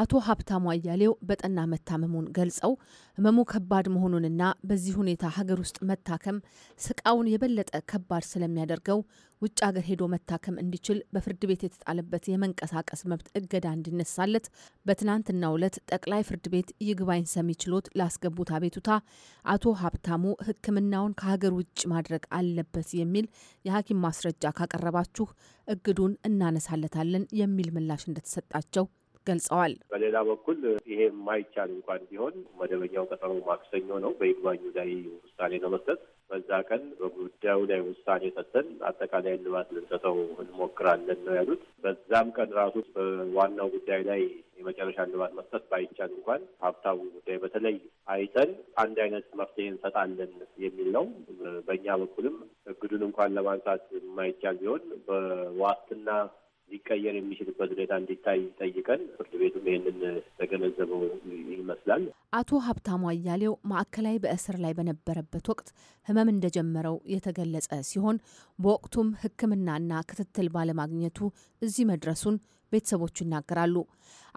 አቶ ሀብታሙ አያሌው በጠና መታመሙን ገልጸው ህመሙ ከባድ መሆኑንና በዚህ ሁኔታ ሀገር ውስጥ መታከም ስቃውን የበለጠ ከባድ ስለሚያደርገው ውጭ ሀገር ሄዶ መታከም እንዲችል በፍርድ ቤት የተጣለበት የመንቀሳቀስ መብት እገዳ እንዲነሳለት በትናንትናው ዕለት ጠቅላይ ፍርድ ቤት ይግባኝ ሰሚ ችሎት ላስገቡት አቤቱታ አቶ ሀብታሙ ሕክምናውን ከሀገር ውጭ ማድረግ አለበት የሚል የሐኪም ማስረጃ ካቀረባችሁ እግዱን እናነሳለታለን የሚል ምላሽ እንደተሰጣቸው ገልጸዋል። በሌላ በኩል ይሄ የማይቻል እንኳን ቢሆን መደበኛው ቀጠሮ ማክሰኞ ነው። በይግባኙ ላይ ውሳኔ ለመስጠት በዛ ቀን በጉዳዩ ላይ ውሳኔ ሰጥተን አጠቃላይ እልባት ልንሰጠው እንሞክራለን ነው ያሉት። በዛም ቀን ራሱ በዋናው ጉዳይ ላይ የመጨረሻ እልባት መስጠት ባይቻል እንኳን ሀብታዊ ጉዳይ በተለይ አይተን አንድ አይነት መፍትሄ እንሰጣለን የሚል ነው። በእኛ በኩልም እግዱን እንኳን ለማንሳት የማይቻል ቢሆን በዋስትና ሊቀየር የሚችልበት ሁኔታ እንዲታይ ጠይቀን ፍርድ ቤቱም ይህንን ተገነዘበው ይመስላል። አቶ ሀብታሙ አያሌው ማዕከላዊ በእስር ላይ በነበረበት ወቅት ህመም እንደጀመረው የተገለጸ ሲሆን በወቅቱም ሕክምናና ክትትል ባለማግኘቱ እዚህ መድረሱን ቤተሰቦቹ ይናገራሉ።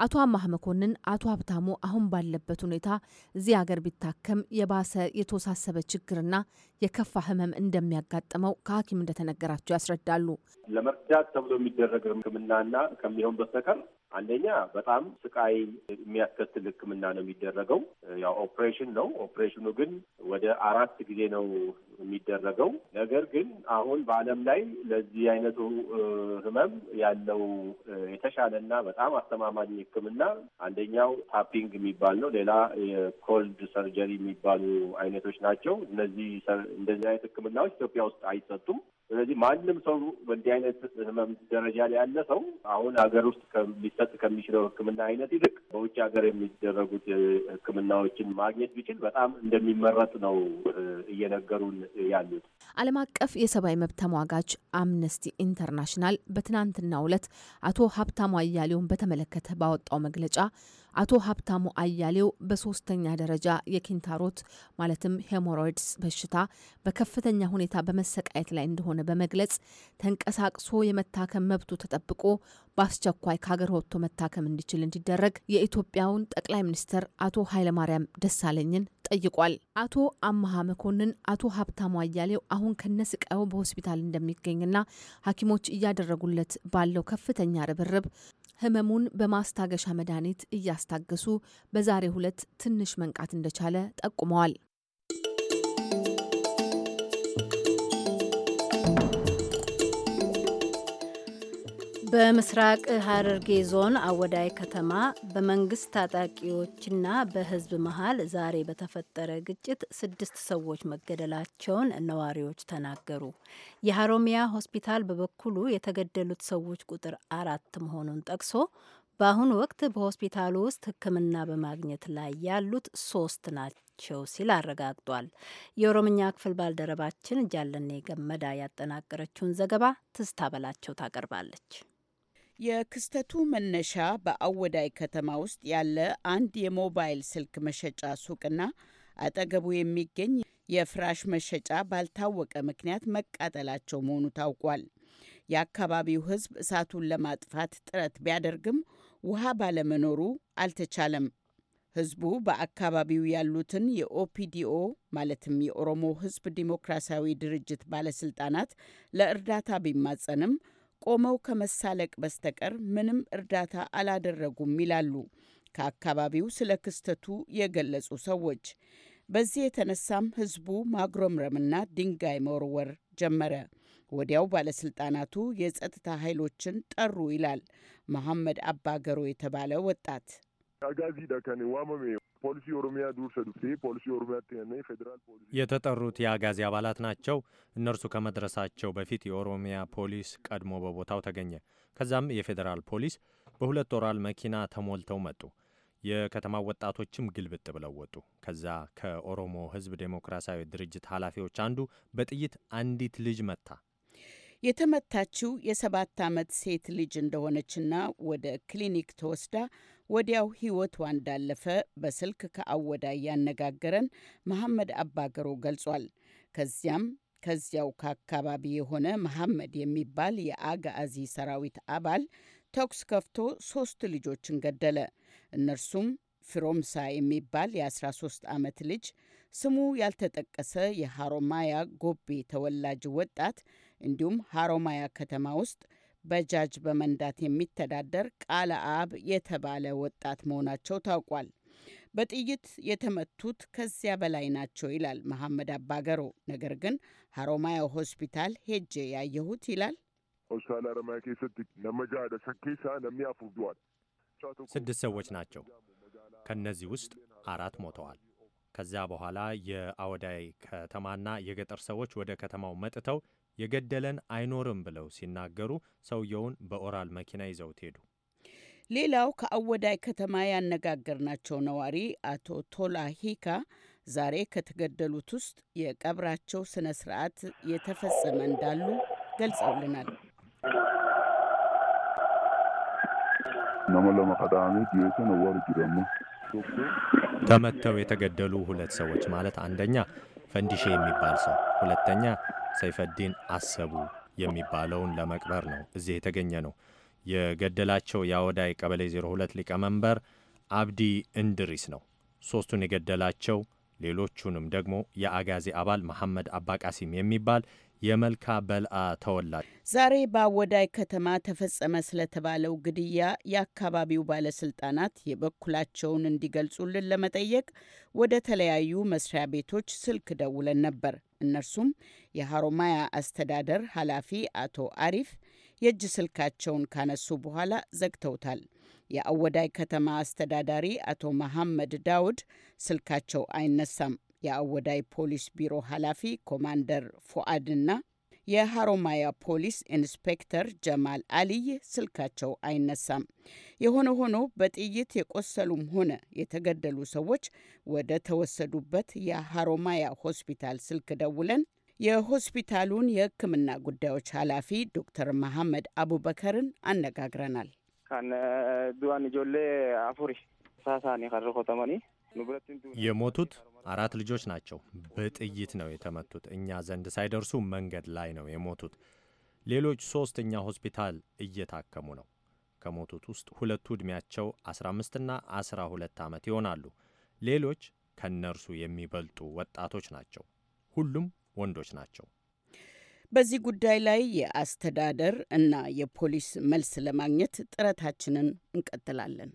አቶ አማህ መኮንን አቶ ሀብታሙ አሁን ባለበት ሁኔታ እዚህ ሀገር ቢታከም የባሰ የተወሳሰበ ችግርና የከፋ ህመም እንደሚያጋጥመው ከሐኪም እንደተነገራቸው ያስረዳሉ። ለመርዳት ተብሎ የሚደረግ ህክምናና ከሚሆን በስተቀር አንደኛ በጣም ስቃይ የሚያስከትል ሕክምና ነው የሚደረገው። ያው ኦፕሬሽን ነው። ኦፕሬሽኑ ግን ወደ አራት ጊዜ ነው የሚደረገው። ነገር ግን አሁን በዓለም ላይ ለዚህ አይነቱ ህመም ያለው የተሻለና በጣም አስተማማኝ ሕክምና አንደኛው ታፒንግ የሚባል ነው። ሌላ የኮልድ ሰርጀሪ የሚባሉ አይነቶች ናቸው። እነዚህ እንደዚህ አይነት ሕክምናዎች ኢትዮጵያ ውስጥ አይሰጡም። ስለዚህ ማንም ሰው በእንዲህ አይነት ህመም ደረጃ ላይ ያለ ሰው አሁን ሀገር ውስጥ ሊሰጥ ከሚችለው ህክምና አይነት ይልቅ በውጭ ሀገር የሚደረጉት ህክምናዎችን ማግኘት ቢችል በጣም እንደሚመረጥ ነው እየነገሩን ያሉት። ዓለም አቀፍ የሰብአዊ መብት ተሟጋች አምነስቲ ኢንተርናሽናል በትናንትናው ዕለት አቶ ሀብታሙ አያሌውን በተመለከተ ባወጣው መግለጫ አቶ ሀብታሙ አያሌው በሶስተኛ ደረጃ የኪንታሮት ማለትም ሄሞሮይድስ በሽታ በከፍተኛ ሁኔታ በመሰቃየት ላይ እንደሆነ በመግለጽ ተንቀሳቅሶ የመታከም መብቱ ተጠብቆ በአስቸኳይ ከሀገር ወጥቶ መታከም እንዲችል እንዲደረግ የኢትዮጵያውን ጠቅላይ ሚኒስትር አቶ ኃይለማርያም ደሳለኝን ጠይቋል። አቶ አመሀ መኮንን አቶ ሀብታሙ አያሌው አሁን ከነስቃዩ በሆስፒታል እንደሚገኝና ሐኪሞች እያደረጉለት ባለው ከፍተኛ ርብርብ ህመሙን በማስታገሻ መድኃኒት እያስታገሱ በዛሬው ዕለት ትንሽ መንቃት እንደቻለ ጠቁመዋል። በምስራቅ ሐረርጌ ዞን አወዳይ ከተማ በመንግስት ታጣቂዎችና በሕዝብ መሀል ዛሬ በተፈጠረ ግጭት ስድስት ሰዎች መገደላቸውን ነዋሪዎች ተናገሩ። የሀሮሚያ ሆስፒታል በበኩሉ የተገደሉት ሰዎች ቁጥር አራት መሆኑን ጠቅሶ በአሁኑ ወቅት በሆስፒታሉ ውስጥ ሕክምና በማግኘት ላይ ያሉት ሶስት ናቸው ሲል አረጋግጧል። የኦሮምኛ ክፍል ባልደረባችን ጃለኔ ገመዳ ያጠናቀረችውን ዘገባ ትስታ በላቸው ታቀርባለች። የክስተቱ መነሻ በአወዳይ ከተማ ውስጥ ያለ አንድ የሞባይል ስልክ መሸጫ ሱቅና አጠገቡ የሚገኝ የፍራሽ መሸጫ ባልታወቀ ምክንያት መቃጠላቸው መሆኑ ታውቋል። የአካባቢው ሕዝብ እሳቱን ለማጥፋት ጥረት ቢያደርግም ውሃ ባለመኖሩ አልተቻለም። ሕዝቡ በአካባቢው ያሉትን የኦፒዲኦ ማለትም የኦሮሞ ሕዝብ ዲሞክራሲያዊ ድርጅት ባለስልጣናት ለእርዳታ ቢማጸንም ቆመው ከመሳለቅ በስተቀር ምንም እርዳታ አላደረጉም ይላሉ ከአካባቢው ስለ ክስተቱ የገለጹ ሰዎች። በዚህ የተነሳም ህዝቡ ማጉረምረምና ድንጋይ መወርወር ጀመረ። ወዲያው ባለስልጣናቱ የጸጥታ ኃይሎችን ጠሩ ይላል መሐመድ አባገሮ የተባለ ወጣት። ፖሊሲ ኦሮሚያ ዱር ፖሊሲ ኦሮሚያ ትነ ፌዴራል ፖሊሲ የተጠሩት የአጋዚ አባላት ናቸው። እነርሱ ከመድረሳቸው በፊት የኦሮሚያ ፖሊስ ቀድሞ በቦታው ተገኘ። ከዛም የፌዴራል ፖሊስ በሁለት ወራል መኪና ተሞልተው መጡ። የከተማው ወጣቶችም ግልብጥ ብለው ወጡ። ከዛ ከኦሮሞ ሕዝብ ዴሞክራሲያዊ ድርጅት ኃላፊዎች አንዱ በጥይት አንዲት ልጅ መታ። የተመታችው የሰባት ዓመት ሴት ልጅ እንደሆነችና ወደ ክሊኒክ ተወስዳ ወዲያው ሕይወቷ እንዳለፈ በስልክ ከአወዳ እያነጋገረን መሐመድ አባገሮ ገልጿል። ከዚያም ከዚያው ከአካባቢ የሆነ መሐመድ የሚባል የአጋአዚ ሰራዊት አባል ተኩስ ከፍቶ ሶስት ልጆችን ገደለ። እነርሱም ፊሮምሳ የሚባል የ13 ዓመት ልጅ፣ ስሙ ያልተጠቀሰ የሐሮማያ ጎቤ ተወላጅ ወጣት እንዲሁም ሀሮማያ ከተማ ውስጥ በጃጅ በመንዳት የሚተዳደር ቃለ አብ የተባለ ወጣት መሆናቸው ታውቋል። በጥይት የተመቱት ከዚያ በላይ ናቸው ይላል መሐመድ አባገሮ። ነገር ግን ሀሮማያ ሆስፒታል ሄጄ ያየሁት ይላል ስድስት ሰዎች ናቸው። ከእነዚህ ውስጥ አራት ሞተዋል። ከዚያ በኋላ የአወዳይ ከተማና የገጠር ሰዎች ወደ ከተማው መጥተው የገደለን አይኖርም ብለው ሲናገሩ ሰውየውን በኦራል መኪና ይዘውት ሄዱ። ሌላው ከአወዳይ ከተማ ያነጋገርናቸው ነዋሪ አቶ ቶላ ሂካ ዛሬ ከተገደሉት ውስጥ የቀብራቸው ስነ ስርዓት የተፈጸመ እንዳሉ ገልጸውልናል። ተመተው የተገደሉ ሁለት ሰዎች ማለት አንደኛ ፈንዲሼ የሚባል ሰው፣ ሁለተኛ ሰይፈዲን አሰቡ የሚባለውን ለመቅበር ነው እዚህ የተገኘ ነው። የገደላቸው የአወዳይ ቀበሌ 02 ሊቀመንበር አብዲ እንድሪስ ነው። ሦስቱን የገደላቸው ሌሎቹንም ደግሞ የአጋዜ አባል መሐመድ አባቃሲም የሚባል የመልካ በልአ ተወላጅ ዛሬ በአወዳይ ከተማ ተፈጸመ ስለተባለው ግድያ የአካባቢው ባለስልጣናት የበኩላቸውን እንዲገልጹልን ለመጠየቅ ወደ ተለያዩ መስሪያ ቤቶች ስልክ ደውለን ነበር። እነርሱም የሐሮማያ አስተዳደር ኃላፊ አቶ አሪፍ የእጅ ስልካቸውን ካነሱ በኋላ ዘግተውታል። የአወዳይ ከተማ አስተዳዳሪ አቶ መሐመድ ዳውድ ስልካቸው አይነሳም። የአወዳይ ፖሊስ ቢሮ ኃላፊ ኮማንደር ፎአድና የሀሮማያ ፖሊስ ኢንስፔክተር ጀማል አልይ ስልካቸው አይነሳም። የሆነ ሆኖ በጥይት የቆሰሉም ሆነ የተገደሉ ሰዎች ወደ ተወሰዱበት የሀሮማያ ሆስፒታል ስልክ ደውለን የሆስፒታሉን የሕክምና ጉዳዮች ኃላፊ ዶክተር መሐመድ አቡበከርን አነጋግረናል። ካነ ድዋን ጆሌ አፉሪ ሳሳኒ ከርኮ ተመኒ የሞቱት አራት ልጆች ናቸው። በጥይት ነው የተመቱት። እኛ ዘንድ ሳይደርሱ መንገድ ላይ ነው የሞቱት። ሌሎች ሶስተኛ እኛ ሆስፒታል እየታከሙ ነው። ከሞቱት ውስጥ ሁለቱ ዕድሜያቸው 15ና 12 ዓመት ይሆናሉ። ሌሎች ከእነርሱ የሚበልጡ ወጣቶች ናቸው። ሁሉም ወንዶች ናቸው። በዚህ ጉዳይ ላይ የአስተዳደር እና የፖሊስ መልስ ለማግኘት ጥረታችንን እንቀጥላለን።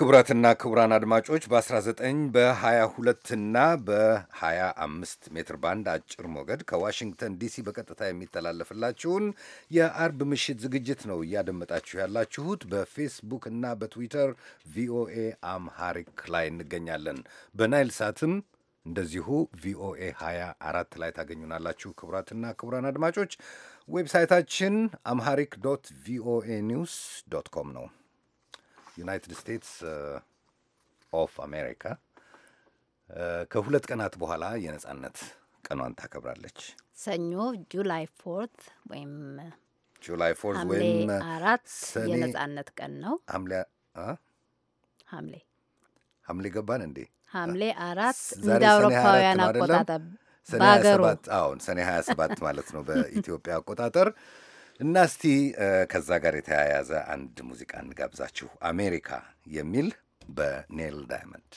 ክቡራትና ክቡራን አድማጮች በ19 በ22 እና በ25 ሜትር ባንድ አጭር ሞገድ ከዋሽንግተን ዲሲ በቀጥታ የሚተላለፍላችሁን የአርብ ምሽት ዝግጅት ነው እያደመጣችሁ ያላችሁት። በፌስቡክ እና በትዊተር ቪኦኤ አምሃሪክ ላይ እንገኛለን። በናይል ሳትም እንደዚሁ ቪኦኤ 24 ላይ ታገኙናላችሁ። ክቡራትና ክቡራን አድማጮች ዌብሳይታችን አምሃሪክ ዶት ቪኦኤ ኒውስ ዶት ኮም ነው። ዩናይትድ ስቴትስ ኦፍ uh, አሜሪካ uh, ከሁለት ቀናት በኋላ የነጻነት ቀኗን ታከብራለች። ሰኞ ጁላይ ፎርት ወይም ጁላይ ፎርት ወይም አራት የነጻነት ቀን ነው። ሐምሌ ሐምሌ ሐምሌ ገባን እንዴ? ሐምሌ አራት እንደ አውሮፓውያን አቆጣጠር በሀገሩ ሰኔ ሀያ ሰባት ማለት ነው በኢትዮጵያ አቆጣጠር እና እስቲ ከዛ ጋር የተያያዘ አንድ ሙዚቃ እንጋብዛችሁ። አሜሪካ የሚል በኔል ዳይመንድ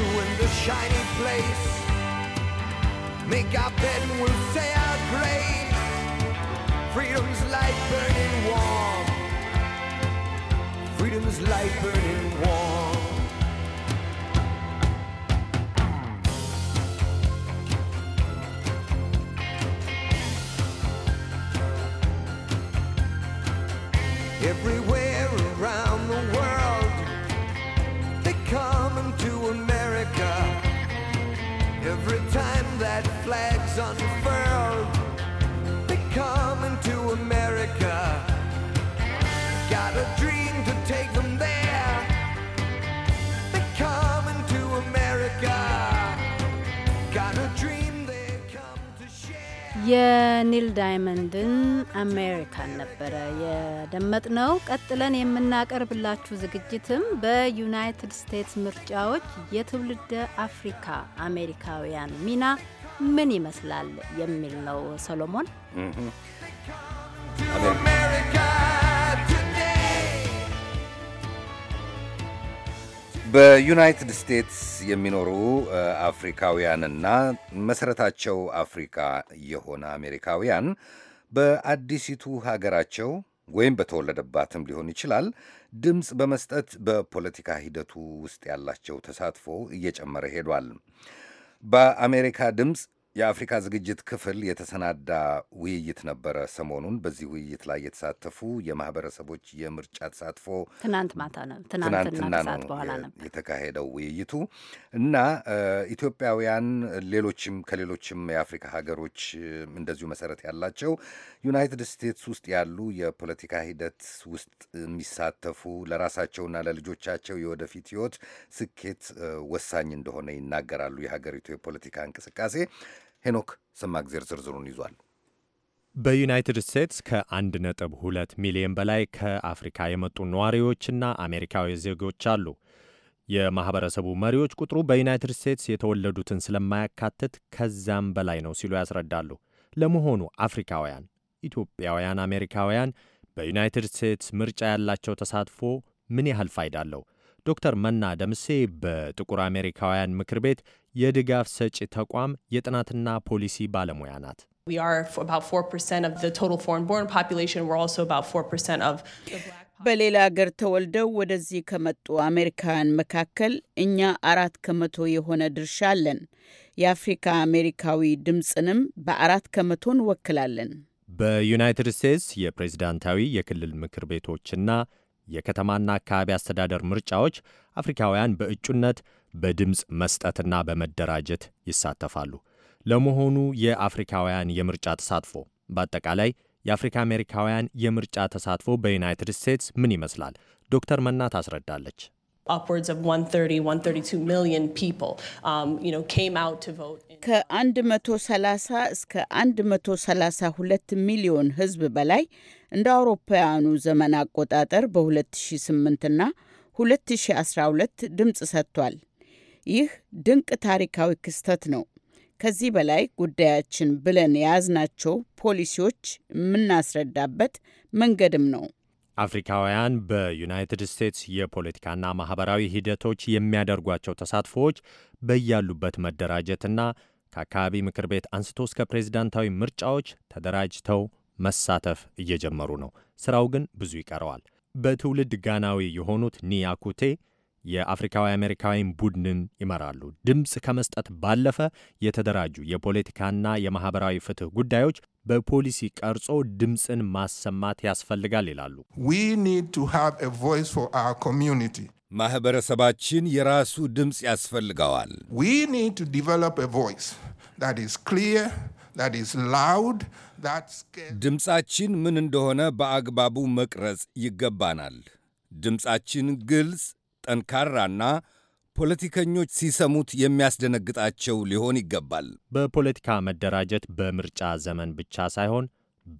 and the shiny place. Make our bed and we'll say our grace. Freedom's light burning warm. Freedom's light burning warm. is unfurled. They're coming to America. Got a dream to take them there. They're coming to America. Got a dream they come to share. የኒል ዳይመንድን አሜሪካን ነበረ የደመጥነው። ቀጥለን የምናቀርብላችሁ ዝግጅትም በዩናይትድ ስቴትስ ምርጫዎች የትውልደ አፍሪካ አሜሪካውያን ሚና ምን ይመስላል የሚል ነው። ሰሎሞን በዩናይትድ ስቴትስ የሚኖሩ አፍሪካውያንና መሠረታቸው አፍሪካ የሆነ አሜሪካውያን በአዲሲቱ ሀገራቸው ወይም በተወለደባትም ሊሆን ይችላል ድምፅ በመስጠት በፖለቲካ ሂደቱ ውስጥ ያላቸው ተሳትፎ እየጨመረ ሄዷል። በአሜሪካ ድምፅ የአፍሪካ ዝግጅት ክፍል የተሰናዳ ውይይት ነበረ ሰሞኑን። በዚህ ውይይት ላይ የተሳተፉ የማህበረሰቦች የምርጫ ተሳትፎ ትናንት ማታ ነው ትናንትና ነው የተካሄደው ውይይቱ እና ኢትዮጵያውያን ሌሎችም ከሌሎችም የአፍሪካ ሀገሮች እንደዚሁ መሰረት ያላቸው ዩናይትድ ስቴትስ ውስጥ ያሉ የፖለቲካ ሂደት ውስጥ የሚሳተፉ ለራሳቸውና ለልጆቻቸው የወደፊት ህይወት ስኬት ወሳኝ እንደሆነ ይናገራሉ። የሀገሪቱ የፖለቲካ እንቅስቃሴ ሄኖክ ሰማግዜር ዝርዝሩን ይዟል። በዩናይትድ ስቴትስ ከ1.2 ሚሊዮን በላይ ከአፍሪካ የመጡ ነዋሪዎችና አሜሪካዊ ዜጎች አሉ። የማኅበረሰቡ መሪዎች ቁጥሩ በዩናይትድ ስቴትስ የተወለዱትን ስለማያካትት ከዛም በላይ ነው ሲሉ ያስረዳሉ። ለመሆኑ አፍሪካውያን፣ ኢትዮጵያውያን አሜሪካውያን በዩናይትድ ስቴትስ ምርጫ ያላቸው ተሳትፎ ምን ያህል ፋይዳ አለው? ዶክተር መና ደምሴ በጥቁር አሜሪካውያን ምክር ቤት የድጋፍ ሰጪ ተቋም የጥናትና ፖሊሲ ባለሙያ ናት። በሌላ ሀገር ተወልደው ወደዚህ ከመጡ አሜሪካውያን መካከል እኛ አራት ከመቶ የሆነ ድርሻ አለን። የአፍሪካ አሜሪካዊ ድምፅንም በአራት ከመቶ እንወክላለን። በዩናይትድ ስቴትስ የፕሬዝዳንታዊ የክልል ምክር ቤቶችና የከተማና አካባቢ አስተዳደር ምርጫዎች አፍሪካውያን በእጩነት በድምፅ መስጠትና በመደራጀት ይሳተፋሉ። ለመሆኑ የአፍሪካውያን የምርጫ ተሳትፎ በአጠቃላይ የአፍሪካ አሜሪካውያን የምርጫ ተሳትፎ በዩናይትድ ስቴትስ ምን ይመስላል? ዶክተር መና ታስረዳለች። upwards of 130, 132 million people, um, you know, came out to vote. ከ130 እስከ 132 ሚሊዮን ህዝብ በላይ እንደ አውሮፓውያኑ ዘመን አቆጣጠር በ2008 እና 2012 ድምፅ ሰጥቷል። ይህ ድንቅ ታሪካዊ ክስተት ነው። ከዚህ በላይ ጉዳያችን ብለን የያዝናቸው ፖሊሲዎች የምናስረዳበት መንገድም ነው። አፍሪካውያን በዩናይትድ ስቴትስ የፖለቲካና ማኅበራዊ ሂደቶች የሚያደርጓቸው ተሳትፎዎች በያሉበት መደራጀትና ከአካባቢ ምክር ቤት አንስቶ እስከ ፕሬዚዳንታዊ ምርጫዎች ተደራጅተው መሳተፍ እየጀመሩ ነው። ሥራው ግን ብዙ ይቀረዋል። በትውልድ ጋናዊ የሆኑት ኒያኩቴ የአፍሪካዊ አሜሪካዊን ቡድንን ይመራሉ። ድምፅ ከመስጠት ባለፈ የተደራጁ የፖለቲካና የማኅበራዊ ፍትሕ ጉዳዮች በፖሊሲ ቀርጾ ድምፅን ማሰማት ያስፈልጋል ይላሉ። ማኅበረሰባችን የራሱ ድምፅ ያስፈልገዋል። ድምፃችን ምን እንደሆነ በአግባቡ መቅረጽ ይገባናል። ድምፃችን ግልጽ፣ ጠንካራና ፖለቲከኞች ሲሰሙት የሚያስደነግጣቸው ሊሆን ይገባል። በፖለቲካ መደራጀት በምርጫ ዘመን ብቻ ሳይሆን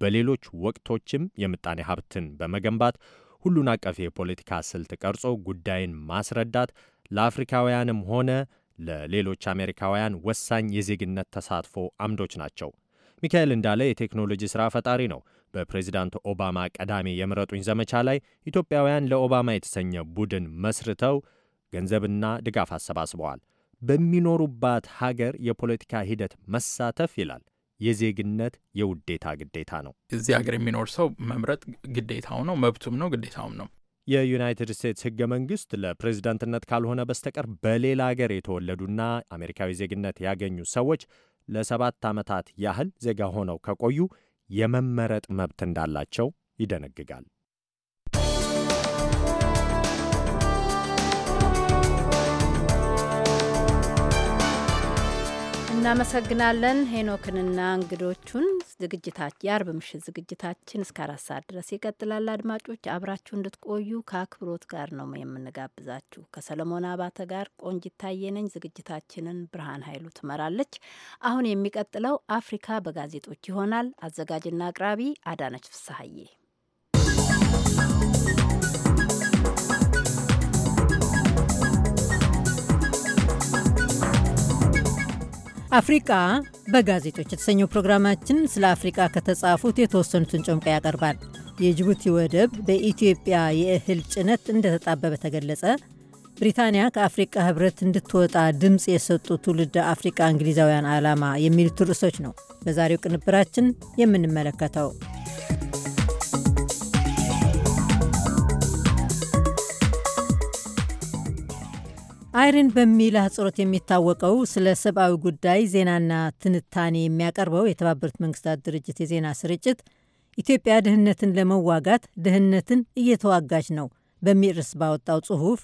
በሌሎች ወቅቶችም የምጣኔ ሀብትን በመገንባት ሁሉን አቀፍ የፖለቲካ ስልት ቀርጾ ጉዳይን ማስረዳት ለአፍሪካውያንም ሆነ ለሌሎች አሜሪካውያን ወሳኝ የዜግነት ተሳትፎ አምዶች ናቸው። ሚካኤል እንዳለ የቴክኖሎጂ ሥራ ፈጣሪ ነው። በፕሬዚዳንት ኦባማ ቀዳሚ የምረጡኝ ዘመቻ ላይ ኢትዮጵያውያን ለኦባማ የተሰኘ ቡድን መስርተው ገንዘብና ድጋፍ አሰባስበዋል። በሚኖሩባት ሀገር የፖለቲካ ሂደት መሳተፍ ይላል የዜግነት የውዴታ ግዴታ ነው። እዚህ ሀገር የሚኖር ሰው መምረጥ ግዴታው ነው፣ መብቱም ነው፣ ግዴታውም ነው። የዩናይትድ ስቴትስ ህገ መንግስት ለፕሬዝዳንትነት ካልሆነ በስተቀር በሌላ ሀገር የተወለዱና አሜሪካዊ ዜግነት ያገኙ ሰዎች ለሰባት ዓመታት ያህል ዜጋ ሆነው ከቆዩ የመመረጥ መብት እንዳላቸው ይደነግጋል። እናመሰግናለን ሄኖክንና እንግዶቹን። ዝግጅታች የአርብ ምሽት ዝግጅታችን እስከ አራት ሰዓት ድረስ ይቀጥላል። አድማጮች አብራችሁ እንድትቆዩ ከአክብሮት ጋር ነው የምንጋብዛችሁ። ከሰለሞን አባተ ጋር ቆንጂት ታየነኝ ነኝ። ዝግጅታችንን ብርሃን ኃይሉ ትመራለች። አሁን የሚቀጥለው አፍሪካ በጋዜጦች ይሆናል። አዘጋጅና አቅራቢ አዳነች ፍስሀዬ አፍሪቃ በጋዜጦች የተሰኘው ፕሮግራማችን ስለ አፍሪቃ ከተጻፉት የተወሰኑትን ጨምቆ ያቀርባል። የጅቡቲ ወደብ በኢትዮጵያ የእህል ጭነት እንደተጣበበ ተገለጸ፣ ብሪታንያ ከአፍሪቃ ህብረት እንድትወጣ ድምፅ የሰጡ ትውልድ አፍሪቃ እንግሊዛውያን ዓላማ የሚሉት ርዕሶች ነው በዛሬው ቅንብራችን የምንመለከተው። አይሪን በሚል አህጽሮት የሚታወቀው ስለ ሰብአዊ ጉዳይ ዜናና ትንታኔ የሚያቀርበው የተባበሩት መንግስታት ድርጅት የዜና ስርጭት ኢትዮጵያ ድህነትን ለመዋጋት ድህነትን እየተዋጋች ነው በሚል ርዕስ ባወጣው ጽሑፍ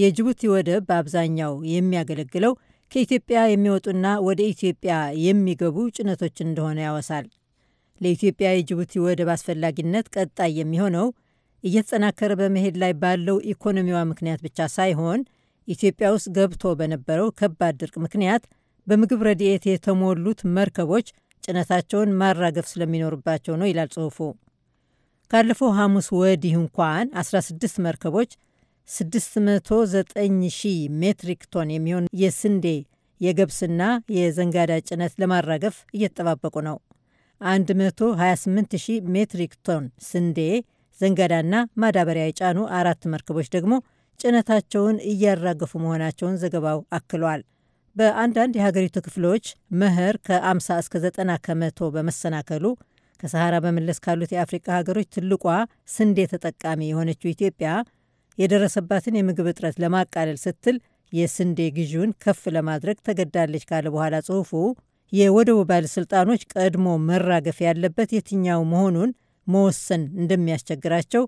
የጅቡቲ ወደብ በአብዛኛው የሚያገለግለው ከኢትዮጵያ የሚወጡና ወደ ኢትዮጵያ የሚገቡ ጭነቶች እንደሆነ ያወሳል። ለኢትዮጵያ የጅቡቲ ወደብ አስፈላጊነት ቀጣይ የሚሆነው እየተጠናከረ በመሄድ ላይ ባለው ኢኮኖሚዋ ምክንያት ብቻ ሳይሆን ኢትዮጵያ ውስጥ ገብቶ በነበረው ከባድ ድርቅ ምክንያት በምግብ ረድኤት የተሞሉት መርከቦች ጭነታቸውን ማራገፍ ስለሚኖርባቸው ነው ይላል ጽሑፉ። ካለፈው ሐሙስ ወዲህ እንኳን 16 መርከቦች 609,000 ሜትሪክ ቶን የሚሆን የስንዴ የገብስና የዘንጋዳ ጭነት ለማራገፍ እየተጠባበቁ ነው። 128,000 ሜትሪክ ቶን ስንዴ፣ ዘንጋዳና ማዳበሪያ የጫኑ አራት መርከቦች ደግሞ ጭነታቸውን እያራገፉ መሆናቸውን ዘገባው አክሏል። በአንዳንድ የሀገሪቱ ክፍሎች መኸር ከ50 እስከ 90 ከመቶ በመሰናከሉ ከሰሃራ በመለስ ካሉት የአፍሪቃ ሀገሮች ትልቋ ስንዴ ተጠቃሚ የሆነችው ኢትዮጵያ የደረሰባትን የምግብ እጥረት ለማቃለል ስትል የስንዴ ግዢውን ከፍ ለማድረግ ተገዳለች ካለ በኋላ ጽሑፉ የወደቡ ባለሥልጣኖች ቀድሞ መራገፍ ያለበት የትኛው መሆኑን መወሰን እንደሚያስቸግራቸው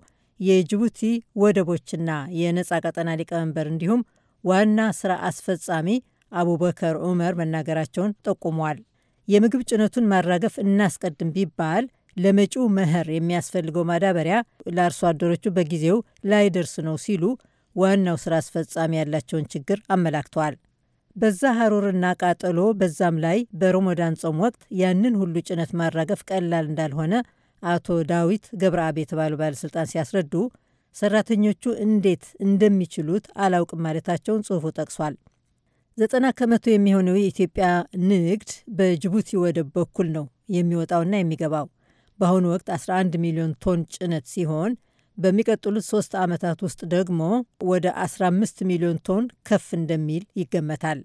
የጅቡቲ ወደቦችና የነፃ ቀጠና ሊቀመንበር እንዲሁም ዋና ስራ አስፈጻሚ አቡበከር ዑመር መናገራቸውን ጠቁመዋል። የምግብ ጭነቱን ማራገፍ እናስቀድም ቢባል ለመጪው መኸር የሚያስፈልገው ማዳበሪያ ለአርሶ አደሮቹ በጊዜው ላይደርስ ነው ሲሉ ዋናው ስራ አስፈጻሚ ያላቸውን ችግር አመላክተዋል። በዛ ሐሩርና ቃጠሎ በዛም ላይ በሮሞዳን ጾም ወቅት ያንን ሁሉ ጭነት ማራገፍ ቀላል እንዳልሆነ አቶ ዳዊት ገብረአብ የተባሉ ባለሥልጣን ሲያስረዱ ሰራተኞቹ እንዴት እንደሚችሉት አላውቅም ማለታቸውን ጽሑፉ ጠቅሷል። ዘጠና ከመቶ የሚሆነው የኢትዮጵያ ንግድ በጅቡቲ ወደብ በኩል ነው የሚወጣውና የሚገባው። በአሁኑ ወቅት 11 ሚሊዮን ቶን ጭነት ሲሆን በሚቀጥሉት ሶስት ዓመታት ውስጥ ደግሞ ወደ 15 ሚሊዮን ቶን ከፍ እንደሚል ይገመታል።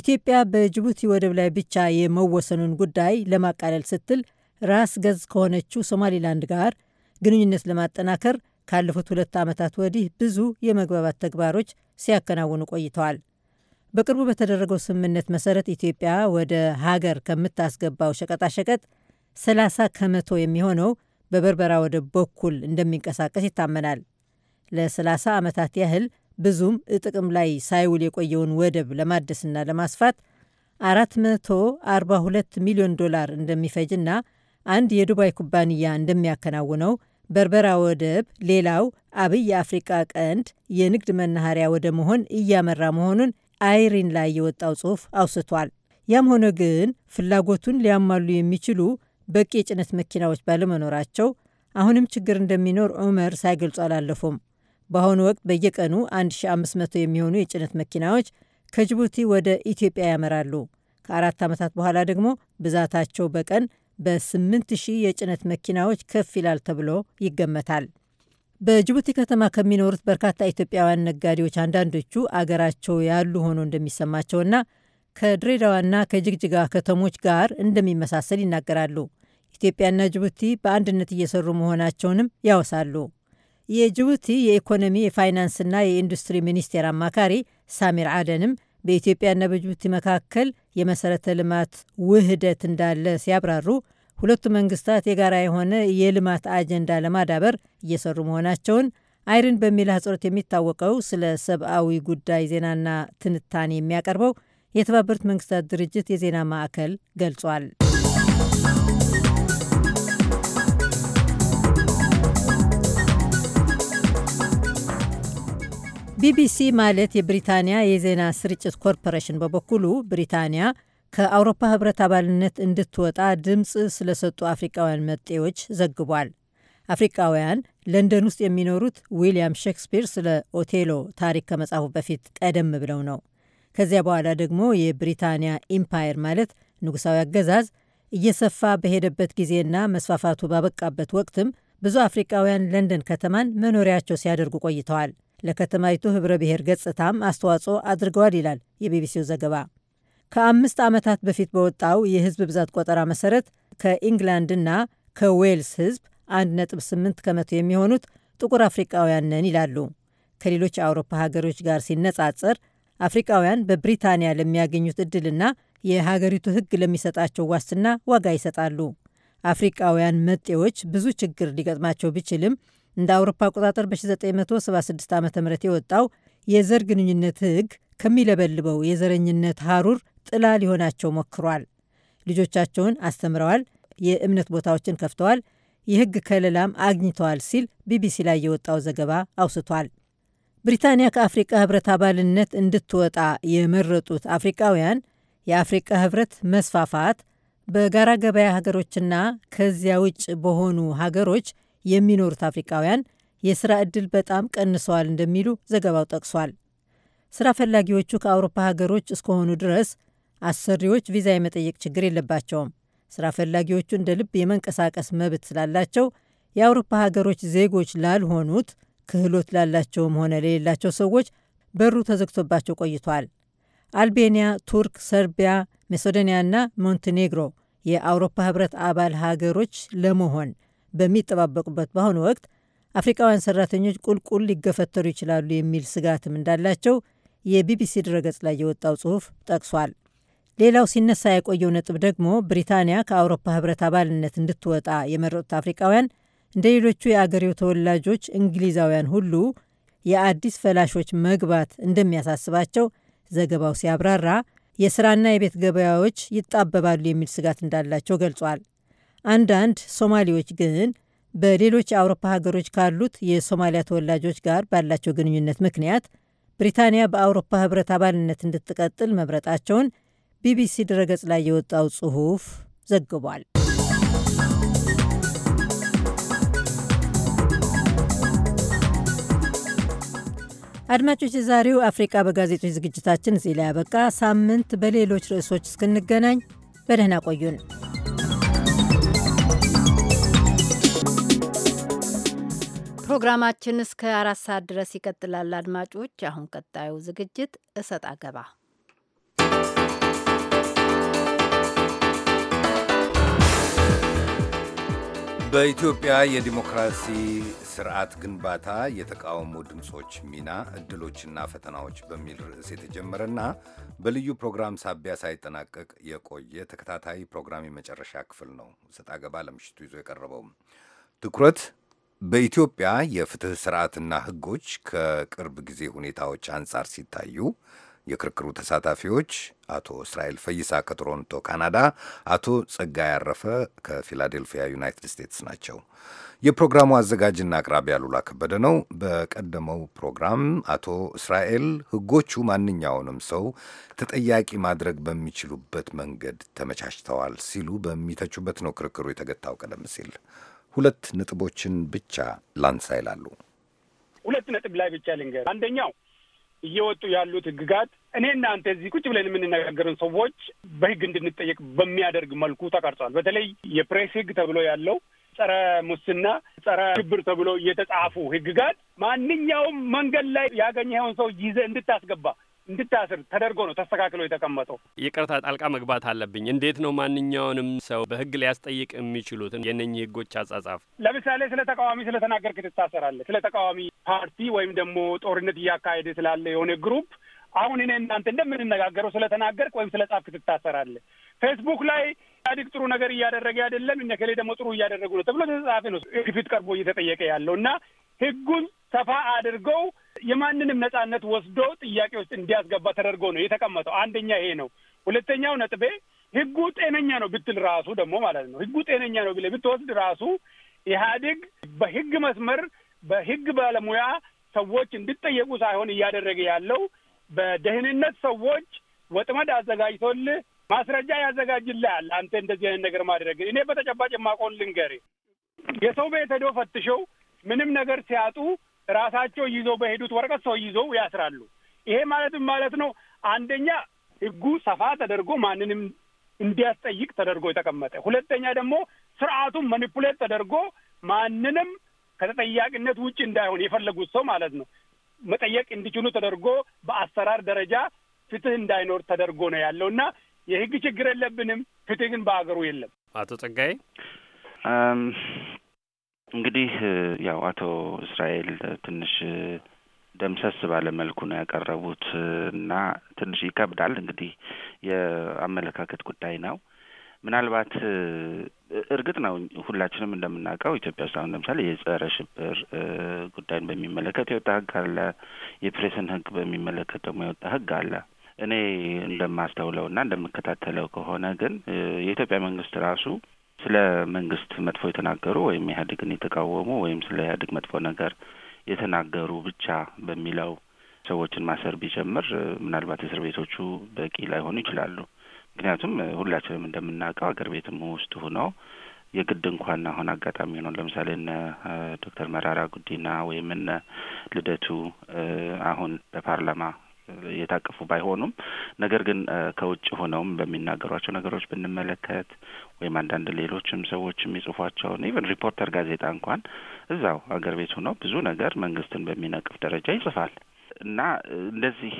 ኢትዮጵያ በጅቡቲ ወደብ ላይ ብቻ የመወሰኑን ጉዳይ ለማቃለል ስትል ራስ ገዝ ከሆነችው ሶማሊላንድ ጋር ግንኙነት ለማጠናከር ካለፉት ሁለት ዓመታት ወዲህ ብዙ የመግባባት ተግባሮች ሲያከናውኑ ቆይተዋል። በቅርቡ በተደረገው ስምምነት መሰረት ኢትዮጵያ ወደ ሀገር ከምታስገባው ሸቀጣሸቀጥ 30 ከመቶ የሚሆነው በበርበራ ወደብ በኩል እንደሚንቀሳቀስ ይታመናል። ለ30 ዓመታት ያህል ብዙም ጥቅም ላይ ሳይውል የቆየውን ወደብ ለማደስና ለማስፋት 442 ሚሊዮን ዶላር እንደሚፈጅና አንድ የዱባይ ኩባንያ እንደሚያከናውነው በርበራ ወደብ ሌላው አብይ የአፍሪቃ ቀንድ የንግድ መናኸሪያ ወደ መሆን እያመራ መሆኑን አይሪን ላይ የወጣው ጽሑፍ አውስቷል። ያም ሆነ ግን ፍላጎቱን ሊያሟሉ የሚችሉ በቂ የጭነት መኪናዎች ባለመኖራቸው አሁንም ችግር እንደሚኖር ዑመር ሳይገልጹ አላለፉም። በአሁኑ ወቅት በየቀኑ 1500 የሚሆኑ የጭነት መኪናዎች ከጅቡቲ ወደ ኢትዮጵያ ያመራሉ። ከአራት ዓመታት በኋላ ደግሞ ብዛታቸው በቀን በ8000 የጭነት መኪናዎች ከፍ ይላል ተብሎ ይገመታል። በጅቡቲ ከተማ ከሚኖሩት በርካታ ኢትዮጵያውያን ነጋዴዎች አንዳንዶቹ አገራቸው ያሉ ሆኖ እንደሚሰማቸውና ከድሬዳዋና ከጅግጅጋ ከተሞች ጋር እንደሚመሳሰል ይናገራሉ። ኢትዮጵያና ጅቡቲ በአንድነት እየሰሩ መሆናቸውንም ያወሳሉ። የጅቡቲ የኢኮኖሚ የፋይናንስና የኢንዱስትሪ ሚኒስቴር አማካሪ ሳሚር አደንም በኢትዮጵያና በጅቡቲ መካከል የመሰረተ ልማት ውህደት እንዳለ ሲያብራሩ ሁለቱ መንግስታት የጋራ የሆነ የልማት አጀንዳ ለማዳበር እየሰሩ መሆናቸውን አይርን በሚል አህጽሮት የሚታወቀው ስለ ሰብአዊ ጉዳይ ዜናና ትንታኔ የሚያቀርበው የተባበሩት መንግስታት ድርጅት የዜና ማዕከል ገልጿል። ቢቢሲ ማለት የብሪታንያ የዜና ስርጭት ኮርፖሬሽን በበኩሉ ብሪታንያ ከአውሮፓ ህብረት አባልነት እንድትወጣ ድምፅ ስለሰጡ አፍሪቃውያን መጤዎች ዘግቧል። አፍሪቃውያን ለንደን ውስጥ የሚኖሩት ዊልያም ሼክስፒር ስለ ኦቴሎ ታሪክ ከመጻፉ በፊት ቀደም ብለው ነው። ከዚያ በኋላ ደግሞ የብሪታንያ ኢምፓየር ማለት ንጉሳዊ አገዛዝ እየሰፋ በሄደበት ጊዜና መስፋፋቱ ባበቃበት ወቅትም ብዙ አፍሪቃውያን ለንደን ከተማን መኖሪያቸው ሲያደርጉ ቆይተዋል። ለከተማይቱ ህብረ ብሔር ገጽታም አስተዋጽኦ አድርገዋል ይላል የቢቢሲው ዘገባ። ከአምስት ዓመታት በፊት በወጣው የህዝብ ብዛት ቆጠራ መሰረት ከኢንግላንድና ከዌልስ ህዝብ 1.8 ከመቶ የሚሆኑት ጥቁር አፍሪቃውያን ነን ይላሉ። ከሌሎች የአውሮፓ ሀገሮች ጋር ሲነጻጸር አፍሪቃውያን በብሪታንያ ለሚያገኙት እድልና የሀገሪቱ ህግ ለሚሰጣቸው ዋስትና ዋጋ ይሰጣሉ። አፍሪቃውያን መጤዎች ብዙ ችግር ሊገጥማቸው ቢችልም እንደ አውሮፓ አቆጣጠር በ1976 ዓ ም የወጣው የዘር ግንኙነት ህግ ከሚለበልበው የዘረኝነት ሀሩር ጥላ ሊሆናቸው ሞክሯል። ልጆቻቸውን አስተምረዋል፣ የእምነት ቦታዎችን ከፍተዋል፣ የህግ ከለላም አግኝተዋል ሲል ቢቢሲ ላይ የወጣው ዘገባ አውስቷል። ብሪታንያ ከአፍሪቃ ህብረት አባልነት እንድትወጣ የመረጡት አፍሪቃውያን የአፍሪቃ ህብረት መስፋፋት በጋራ ገበያ ሀገሮችና ከዚያ ውጭ በሆኑ ሀገሮች የሚኖሩት አፍሪቃውያን የሥራ ዕድል በጣም ቀንሰዋል እንደሚሉ ዘገባው ጠቅሷል። ሥራ ፈላጊዎቹ ከአውሮፓ ሀገሮች እስከሆኑ ድረስ አሰሪዎች ቪዛ የመጠየቅ ችግር የለባቸውም። ስራ ፈላጊዎቹ እንደ ልብ የመንቀሳቀስ መብት ስላላቸው የአውሮፓ ሀገሮች ዜጎች ላልሆኑት ክህሎት ላላቸውም ሆነ ለሌላቸው ሰዎች በሩ ተዘግቶባቸው ቆይቷል። አልቤንያ፣ ቱርክ፣ ሰርቢያ፣ መቄዶንያና ሞንቴኔግሮ የአውሮፓ ህብረት አባል ሀገሮች ለመሆን በሚጠባበቁበት በአሁኑ ወቅት አፍሪካውያን ሰራተኞች ቁልቁል ሊገፈተሩ ይችላሉ የሚል ስጋትም እንዳላቸው የቢቢሲ ድረገጽ ላይ የወጣው ጽሑፍ ጠቅሷል። ሌላው ሲነሳ የቆየው ነጥብ ደግሞ ብሪታንያ ከአውሮፓ ህብረት አባልነት እንድትወጣ የመረጡት አፍሪቃውያን እንደ ሌሎቹ የአገሬው ተወላጆች እንግሊዛውያን ሁሉ የአዲስ ፈላሾች መግባት እንደሚያሳስባቸው ዘገባው ሲያብራራ የስራና የቤት ገበያዎች ይጣበባሉ የሚል ስጋት እንዳላቸው ገልጿል። አንዳንድ ሶማሌዎች ግን በሌሎች የአውሮፓ ሀገሮች ካሉት የሶማሊያ ተወላጆች ጋር ባላቸው ግንኙነት ምክንያት ብሪታንያ በአውሮፓ ህብረት አባልነት እንድትቀጥል መምረጣቸውን ቢቢሲ ድረገጽ ላይ የወጣው ጽሑፍ ዘግቧል። አድማጮች፣ የዛሬው አፍሪቃ በጋዜጦች ዝግጅታችን እዚህ ላይ ያበቃ። ሳምንት በሌሎች ርዕሶች እስክንገናኝ በደህና ቆዩን። ፕሮግራማችን እስከ አራት ሰዓት ድረስ ይቀጥላል። አድማጮች፣ አሁን ቀጣዩ ዝግጅት እሰጥ አገባ በኢትዮጵያ የዲሞክራሲ ስርዓት ግንባታ የተቃውሞ ድምፆች ሚና እድሎችና ፈተናዎች በሚል ርዕስ የተጀመረና በልዩ ፕሮግራም ሳቢያ ሳይጠናቀቅ የቆየ ተከታታይ ፕሮግራም የመጨረሻ ክፍል ነው። ሰጣ ገባ ለምሽቱ ይዞ የቀረበው ትኩረት በኢትዮጵያ የፍትህ ስርዓትና ህጎች ከቅርብ ጊዜ ሁኔታዎች አንጻር ሲታዩ የክርክሩ ተሳታፊዎች አቶ እስራኤል ፈይሳ ከቶሮንቶ ካናዳ፣ አቶ ጸጋ ያረፈ ከፊላዴልፊያ ዩናይትድ ስቴትስ ናቸው። የፕሮግራሙ አዘጋጅና አቅራቢ አሉላ ከበደ ነው። በቀደመው ፕሮግራም አቶ እስራኤል ሕጎቹ ማንኛውንም ሰው ተጠያቂ ማድረግ በሚችሉበት መንገድ ተመቻችተዋል ሲሉ በሚተቹበት ነው ክርክሩ የተገታው። ቀደም ሲል ሁለት ነጥቦችን ብቻ ላንሳ ይላሉ። ሁለት ነጥብ ላይ ብቻ ልንገር። አንደኛው እየወጡ ያሉት ህግጋት እኔ እናንተ እዚህ ቁጭ ብለን የምንነጋገርን ሰዎች በህግ እንድንጠየቅ በሚያደርግ መልኩ ተቀርጿል። በተለይ የፕሬስ ህግ ተብሎ ያለው ጸረ ሙስና፣ ጸረ ሽብር ተብሎ የተጻፉ ህግጋት ማንኛውም መንገድ ላይ ያገኘኸውን ሰው ይዘህ እንድታስገባ እንድታስር ተደርጎ ነው ተስተካክሎ የተቀመጠው። ይቅርታ ጣልቃ መግባት አለብኝ። እንዴት ነው ማንኛውንም ሰው በህግ ሊያስጠይቅ የሚችሉት? የእነኚህ ህጎች አጻጻፍ ለምሳሌ ስለ ተቃዋሚ ተናገርክ ትታሰራለህ። ስለ ተቃዋሚ ፓርቲ ወይም ደግሞ ጦርነት እያካሄደ ስላለ የሆነ ግሩፕ አሁን እኔ እናንተ እንደምንነጋገረው ተናገርክ ወይም ስለ ጻፍክ ትታሰራለህ። ፌስቡክ ላይ ኢህአዴግ ጥሩ ነገር እያደረገ አይደለም፣ እነ ከሌ ደግሞ ጥሩ እያደረጉ ነው ተብሎ ተጻፈ ነው ፊት ቀርቦ እየተጠየቀ ያለው እና ህጉን ሰፋ አድርገው የማንንም ነጻነት ወስዶ ጥያቄ ውስጥ እንዲያስገባ ተደርጎ ነው የተቀመጠው። አንደኛ ይሄ ነው። ሁለተኛው ነጥቤ ህጉ ጤነኛ ነው ብትል ራሱ ደግሞ ማለት ነው ህጉ ጤነኛ ነው ብለህ ብትወስድ ራሱ ኢህአዴግ በህግ መስመር በህግ ባለሙያ ሰዎች እንዲጠየቁ ሳይሆን እያደረገ ያለው በደህንነት ሰዎች ወጥመድ አዘጋጅቶልህ ማስረጃ ያዘጋጅልሃል። አንተ እንደዚህ አይነት ነገር ማድረግ እኔ በተጨባጭ የማቆን ልንገር የሰው ቤት ሄዶ ፈትሸው ምንም ነገር ሲያጡ ራሳቸው ይዘው በሄዱት ወረቀት ሰው ይዘው ያስራሉ። ይሄ ማለትም ማለት ነው አንደኛ ህጉ ሰፋ ተደርጎ ማንንም እንዲያስጠይቅ ተደርጎ የተቀመጠ፣ ሁለተኛ ደግሞ ስርዓቱን መኒፑሌት ተደርጎ ማንንም ከተጠያቂነት ውጭ እንዳይሆን የፈለጉት ሰው ማለት ነው መጠየቅ እንዲችሉ ተደርጎ በአሰራር ደረጃ ፍትህ እንዳይኖር ተደርጎ ነው ያለው እና የህግ ችግር የለብንም። ፍትህ ግን በሀገሩ የለም። አቶ ጸጋዬ እንግዲህ ያው አቶ እስራኤል ትንሽ ደምሰስ ባለ መልኩ ነው ያቀረቡት እና ትንሽ ይከብዳል። እንግዲህ የአመለካከት ጉዳይ ነው። ምናልባት እርግጥ ነው ሁላችንም እንደምናውቀው ኢትዮጵያ ውስጥ አሁን ለምሳሌ የጸረ ሽብር ጉዳይን በሚመለከት የወጣ ህግ አለ። የፕሬስን ህግ በሚመለከት ደግሞ የወጣ ህግ አለ። እኔ እንደማስተውለው እና እንደምከታተለው ከሆነ ግን የኢትዮጵያ መንግስት ራሱ ስለ መንግስት መጥፎ የተናገሩ ወይም ኢህአዴግን የተቃወሙ ወይም ስለ ኢህአዴግ መጥፎ ነገር የተናገሩ ብቻ በሚለው ሰዎችን ማሰር ቢጀምር ምናልባት እስር ቤቶቹ በቂ ላይሆኑ ይችላሉ። ምክንያቱም ሁላችንም እንደምናውቀው አገር ቤትም ውስጥ ሁነው የግድ እንኳን አሁን አጋጣሚ ሆነው ለምሳሌ እነ ዶክተር መራራ ጉዲና ወይም እነ ልደቱ አሁን በፓርላማ የታቀፉ ባይሆኑም ነገር ግን ከውጭ ሆነውም በሚናገሯቸው ነገሮች ብንመለከት ወይም አንዳንድ ሌሎችም ሰዎች የሚጽፏቸውን ኢቨን ሪፖርተር ጋዜጣ እንኳን እዛው አገር ቤት ሆነው ብዙ ነገር መንግስትን በሚነቅፍ ደረጃ ይጽፋል እና እንደዚህ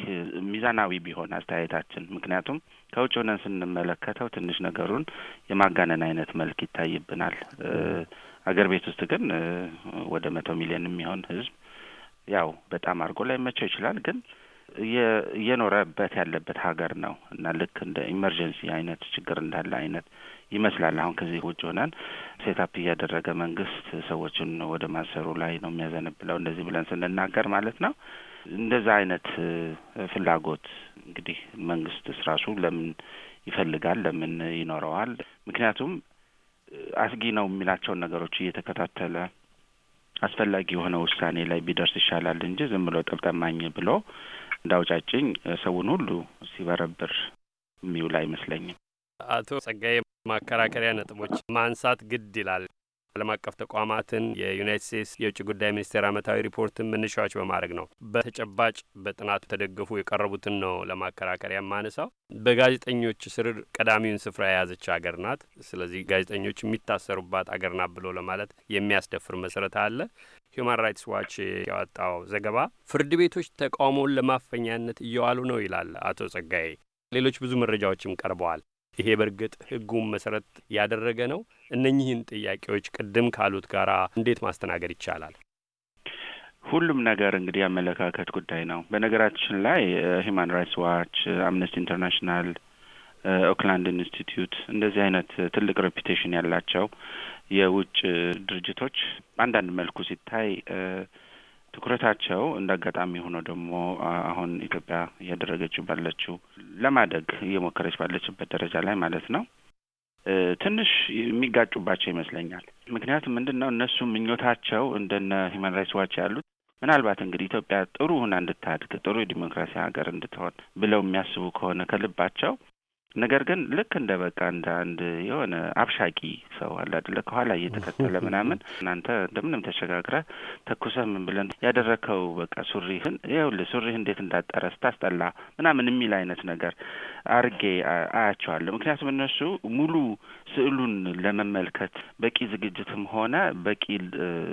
ሚዛናዊ ቢሆን አስተያየታችን ምክንያቱም ከውጭ ሆነን ስንመለከተው ትንሽ ነገሩን የማጋነን አይነት መልክ ይታይብናል። አገር ቤት ውስጥ ግን ወደ መቶ ሚሊዮን የሚሆን ህዝብ ያው በጣም አድርጎ ላይመቸው ይችላል ግን እየኖረበት ያለበት ሀገር ነው እና ልክ እንደ ኢመርጀንሲ አይነት ችግር እንዳለ አይነት ይመስላል። አሁን ከዚህ ውጭ ሆነን ሴታፕ እያደረገ መንግስት ሰዎችን ወደ ማሰሩ ላይ ነው የሚያዘነብለው እንደዚህ ብለን ስንናገር ማለት ነው። እንደዛ አይነት ፍላጎት እንግዲህ መንግስት ራሱ ለምን ይፈልጋል? ለምን ይኖረዋል? ምክንያቱም አስጊ ነው የሚላቸውን ነገሮች እየተከታተለ አስፈላጊ የሆነ ውሳኔ ላይ ቢደርስ ይሻላል እንጂ ዝም ብሎ ጠብጠማኝ ብሎ እንዳውጫጭኝ ሰውን ሁሉ ሲበረብር የሚውል አይመስለኝም። አቶ ጸጋዬ ማከራከሪያ ነጥቦች ማንሳት ግድ ይላል። ዓለም አቀፍ ተቋማትን የዩናይት ስቴትስ የውጭ ጉዳይ ሚኒስቴር ዓመታዊ ሪፖርትን መነሻዎች በማድረግ ነው። በተጨባጭ በጥናቱ ተደግፉ የቀረቡትን ነው ለማከራከር የማነሳው። በጋዜጠኞች ስር ቀዳሚውን ስፍራ የያዘች አገር ናት። ስለዚህ ጋዜጠኞች የሚታሰሩባት አገር ናት ብሎ ለማለት የሚያስደፍር መሰረት አለ። ሁማን ራይትስ ዋች ያወጣው ዘገባ ፍርድ ቤቶች ተቃውሞውን ለማፈኛነት እየዋሉ ነው ይላል አቶ ጸጋዬ። ሌሎች ብዙ መረጃዎችም ቀርበዋል። ይሄ በእርግጥ ህጉም መሰረት ያደረገ ነው? እነኚህን ጥያቄዎች ቅድም ካሉት ጋር እንዴት ማስተናገድ ይቻላል? ሁሉም ነገር እንግዲህ አመለካከት ጉዳይ ነው። በነገራችን ላይ ሂማን ራይትስ ዋች፣ አምነስቲ ኢንተርናሽናል፣ ኦክላንድ ኢንስቲትዩት እንደዚህ አይነት ትልቅ ሬፒቴሽን ያላቸው የውጭ ድርጅቶች በአንዳንድ መልኩ ሲታይ ትኩረታቸው እንደ አጋጣሚ ሆኖ ደግሞ አሁን ኢትዮጵያ እያደረገችው ባለችው ለማደግ እየሞከረች ባለችበት ደረጃ ላይ ማለት ነው ትንሽ የሚጋጩባቸው ይመስለኛል። ምክንያቱም ምንድን ነው እነሱ ምኞታቸው እንደነ ሂማን ራይትስ ዋች ያሉት ምናልባት እንግዲህ ኢትዮጵያ ጥሩ ሁና እንድታድግ ጥሩ የዲሞክራሲ ሀገር እንድትሆን ብለው የሚያስቡ ከሆነ ከልባቸው ነገር ግን ልክ እንደ በቃ እንደ አንድ የሆነ አብሻቂ ሰው አለ አይደለ ከኋላ እየተከተለ ምናምን እናንተ እንደምንም ተሸጋግረ ተኩሰ ምን ብለን ያደረከው በቃ ሱሪህን ይኸውልህ ሱሪህ እንዴት እንዳጠረ ስታስጠላ ምናምን የሚል አይነት ነገር አርጌ አያቸዋለሁ። ምክንያቱም እነሱ ሙሉ ስዕሉን ለመመልከት በቂ ዝግጅትም ሆነ በቂ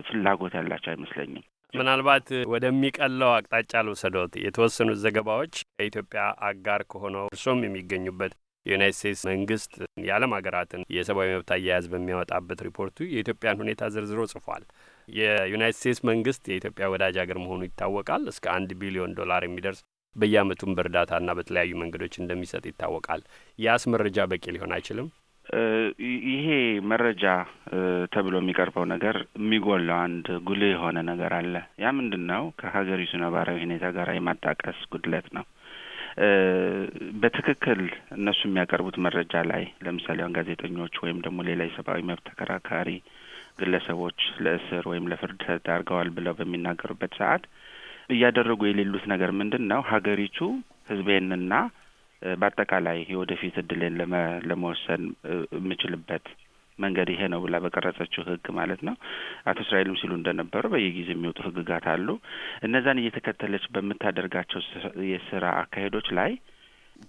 ፍላጎት ያላቸው አይመስለኝም። ምናልባት ወደሚቀለው አቅጣጫ ልውሰዶት። የተወሰኑት ዘገባዎች ከኢትዮጵያ አጋር ከሆነው እርሶም የሚገኙበት የዩናይት ስቴትስ መንግስት የዓለም ሀገራትን የሰብአዊ መብት አያያዝ በሚያወጣበት ሪፖርቱ የኢትዮጵያን ሁኔታ ዝርዝሮ ጽፏል። የዩናይት ስቴትስ መንግስት የኢትዮጵያ ወዳጅ ሀገር መሆኑ ይታወቃል። እስከ አንድ ቢሊዮን ዶላር የሚደርስ በየአመቱም በእርዳታና በተለያዩ መንገዶች እንደሚሰጥ ይታወቃል። ያስ መረጃ በቂ ሊሆን አይችልም። ይሄ መረጃ ተብሎ የሚቀርበው ነገር የሚጎላው አንድ ጉልህ የሆነ ነገር አለ። ያ ምንድን ነው? ከሀገሪቱ ነባራዊ ሁኔታ ጋር የማጣቀስ ጉድለት ነው። በትክክል እነሱ የሚያቀርቡት መረጃ ላይ ለምሳሌ አሁን ጋዜጠኞች ወይም ደግሞ ሌላ የሰብአዊ መብት ተከራካሪ ግለሰቦች ለእስር ወይም ለፍርድ ተዳርገዋል ብለው በሚናገሩበት ሰዓት እያደረጉ የሌሉት ነገር ምንድን ነው? ሀገሪቱ ህዝቤንና በአጠቃላይ የወደፊት እድሌን ለመወሰን የምችልበት መንገድ ይሄ ነው ብላ በቀረጸችው ህግ ማለት ነው። አቶ እስራኤልም ሲሉ እንደነበረው በየጊዜው የሚወጡ ህግጋት አሉ። እነዛን እየተከተለች በምታደርጋቸው የስራ አካሄዶች ላይ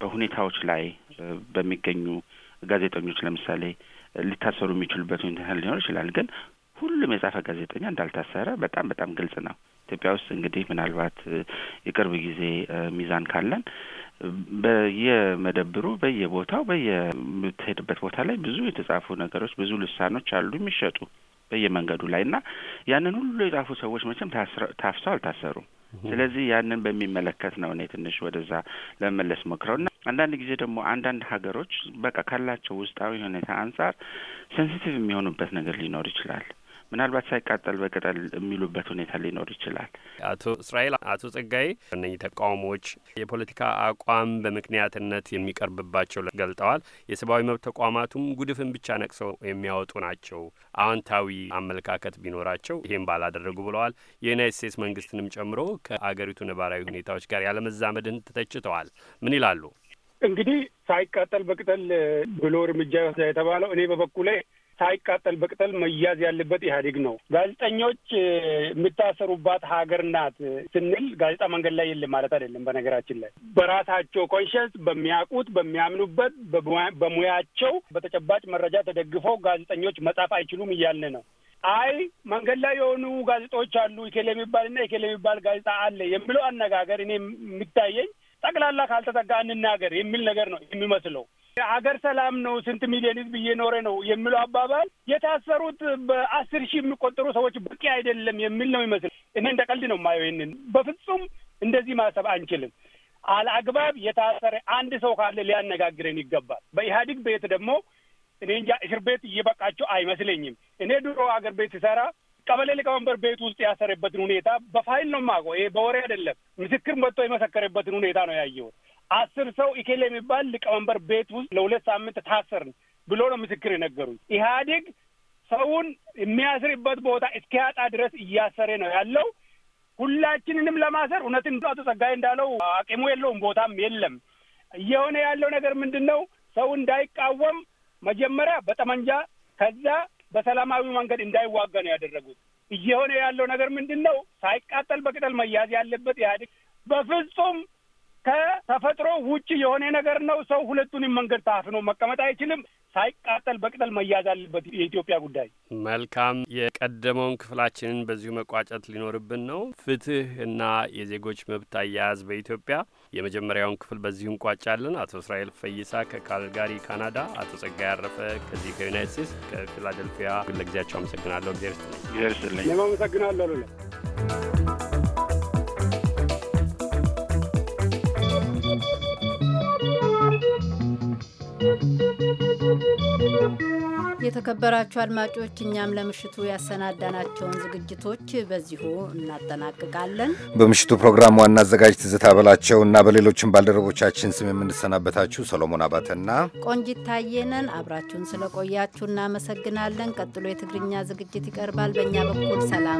በሁኔታዎች ላይ በሚገኙ ጋዜጠኞች ለምሳሌ ሊታሰሩ የሚችሉበት ሁኔታ ሊኖር ይችላል። ግን ሁሉም የጻፈ ጋዜጠኛ እንዳልታሰረ በጣም በጣም ግልጽ ነው። ኢትዮጵያ ውስጥ እንግዲህ ምናልባት የቅርብ ጊዜ ሚዛን ካለን በየመደብሩ በየቦታው በየምትሄድበት ቦታ ላይ ብዙ የተጻፉ ነገሮች ብዙ ልሳኖች አሉ የሚሸጡ በየመንገዱ ላይ እና ያንን ሁሉ የጻፉ ሰዎች መቼም ታፍሰው አልታሰሩም። ስለዚህ ያንን በሚመለከት ነው እኔ ትንሽ ወደዛ ለመመለስ ሞክረው እና አንዳንድ ጊዜ ደግሞ አንዳንድ ሀገሮች በቃ ካላቸው ውስጣዊ ሁኔታ አንጻር ሴንስቲቭ የሚሆኑበት ነገር ሊኖር ይችላል። ምናልባት ሳይቃጠል በቅጠል የሚሉበት ሁኔታ ሊኖር ይችላል። አቶ እስራኤል፣ አቶ ጸጋዬ እነኚህ ተቃውሞዎች የፖለቲካ አቋም በምክንያትነት የሚቀርብባቸው ገልጠዋል። የሰብአዊ መብት ተቋማቱም ጉድፍን ብቻ ነቅሰው የሚያወጡ ናቸው፣ አዎንታዊ አመለካከት ቢኖራቸው ይህም ባላደረጉ ብለዋል። የዩናይት ስቴትስ መንግስትንም ጨምሮ ከአገሪቱ ነባራዊ ሁኔታዎች ጋር ያለመዛመድን ተተችተዋል ምን ይላሉ? እንግዲህ ሳይቃጠል በቅጠል ብሎ እርምጃ የተባለው እኔ በበኩሌ ሳይቃጠል በቅጠል መያዝ ያለበት ኢህአዴግ ነው። ጋዜጠኞች የሚታሰሩባት ሀገር ናት ስንል ጋዜጣ መንገድ ላይ የለም ማለት አይደለም። በነገራችን ላይ በራሳቸው ኮንሽንስ በሚያውቁት በሚያምኑበት በሙያቸው በተጨባጭ መረጃ ተደግፈው ጋዜጠኞች መጻፍ አይችሉም እያልን ነው። አይ መንገድ ላይ የሆኑ ጋዜጦች አሉ፣ ኢኬሌ የሚባልና ኢኬሌ የሚባል ጋዜጣ አለ የሚለው አነጋገር እኔ የሚታየኝ ጠቅላላ ካልተጠጋ እንናገር የሚል ነገር ነው የሚመስለው። አገር ሰላም ነው፣ ስንት ሚሊዮን ህዝብ እየኖረ ነው የሚለው አባባል የታሰሩት በአስር ሺህ የሚቆጠሩ ሰዎች በቂ አይደለም የሚል ነው ይመስል። እኔ እንደ ቀልድ ነው ማየው ይህንን በፍጹም እንደዚህ ማሰብ አንችልም። አልአግባብ የታሰረ አንድ ሰው ካለ ሊያነጋግረን ይገባል። በኢህአዴግ ቤት ደግሞ እኔ እንጃ እስር ቤት እየበቃቸው አይመስለኝም። እኔ ድሮ አገር ቤት ሲሰራ ቀበሌ ሊቀመንበር ቤት ውስጥ ያሰረበትን ሁኔታ በፋይል ነው የማውቀው። ይሄ በወሬ አይደለም። ምስክር መጥቶ የመሰከረበትን ሁኔታ ነው ያየሁት። አስር ሰው ኢኬል የሚባል ሊቀመንበር ቤት ውስጥ ለሁለት ሳምንት ታሰርን ብሎ ነው ምስክር የነገሩኝ። ኢህአዴግ ሰውን የሚያስርበት ቦታ እስኪያጣ ድረስ እያሰሬ ነው ያለው። ሁላችንንም ለማሰር እውነትን አቶ ጸጋዬ እንዳለው አቅሙ የለውም፣ ቦታም የለም። እየሆነ ያለው ነገር ምንድን ነው? ሰው እንዳይቃወም መጀመሪያ በጠመንጃ ከዛ በሰላማዊ መንገድ እንዳይዋጋ ነው ያደረጉት። እየሆነ ያለው ነገር ምንድን ነው? ሳይቃጠል በቅጠል መያዝ ያለበት ኢህአዴግ በፍጹም ከተፈጥሮ ውጭ የሆነ ነገር ነው። ሰው ሁለቱንም መንገድ ታፍኖ መቀመጥ አይችልም። ሳይቃጠል በቅጠል መያዝ አለበት የኢትዮጵያ ጉዳይ። መልካም። የቀደመውን ክፍላችንን በዚሁ መቋጨት ሊኖርብን ነው። ፍትህ እና የዜጎች መብት አያያዝ በኢትዮጵያ የመጀመሪያውን ክፍል በዚሁ እንቋጫለን። አቶ እስራኤል ፈይሳ ከካልጋሪ ካናዳ፣ አቶ ጸጋ ያረፈ ከዚህ ከዩናይት ስቴትስ ከፊላደልፊያ ለጊዜያቸው አመሰግናለሁ። ጊዜ ርስጥልኝ ጊዜ ርስጥልኝ። አመሰግናለሁ። የተከበራችሁ አድማጮች እኛም ለምሽቱ ያሰናዳናቸውን ዝግጅቶች በዚሁ እናጠናቅቃለን። በምሽቱ ፕሮግራም ዋና አዘጋጅ ትዝታ በላቸው እና በሌሎችም ባልደረቦቻችን ስም የምንሰናበታችሁ ሰሎሞን አባተና ቆንጂት ታየነን አብራችሁን ስለቆያችሁ እናመሰግናለን። ቀጥሎ የትግርኛ ዝግጅት ይቀርባል። በእኛ በኩል ሰላም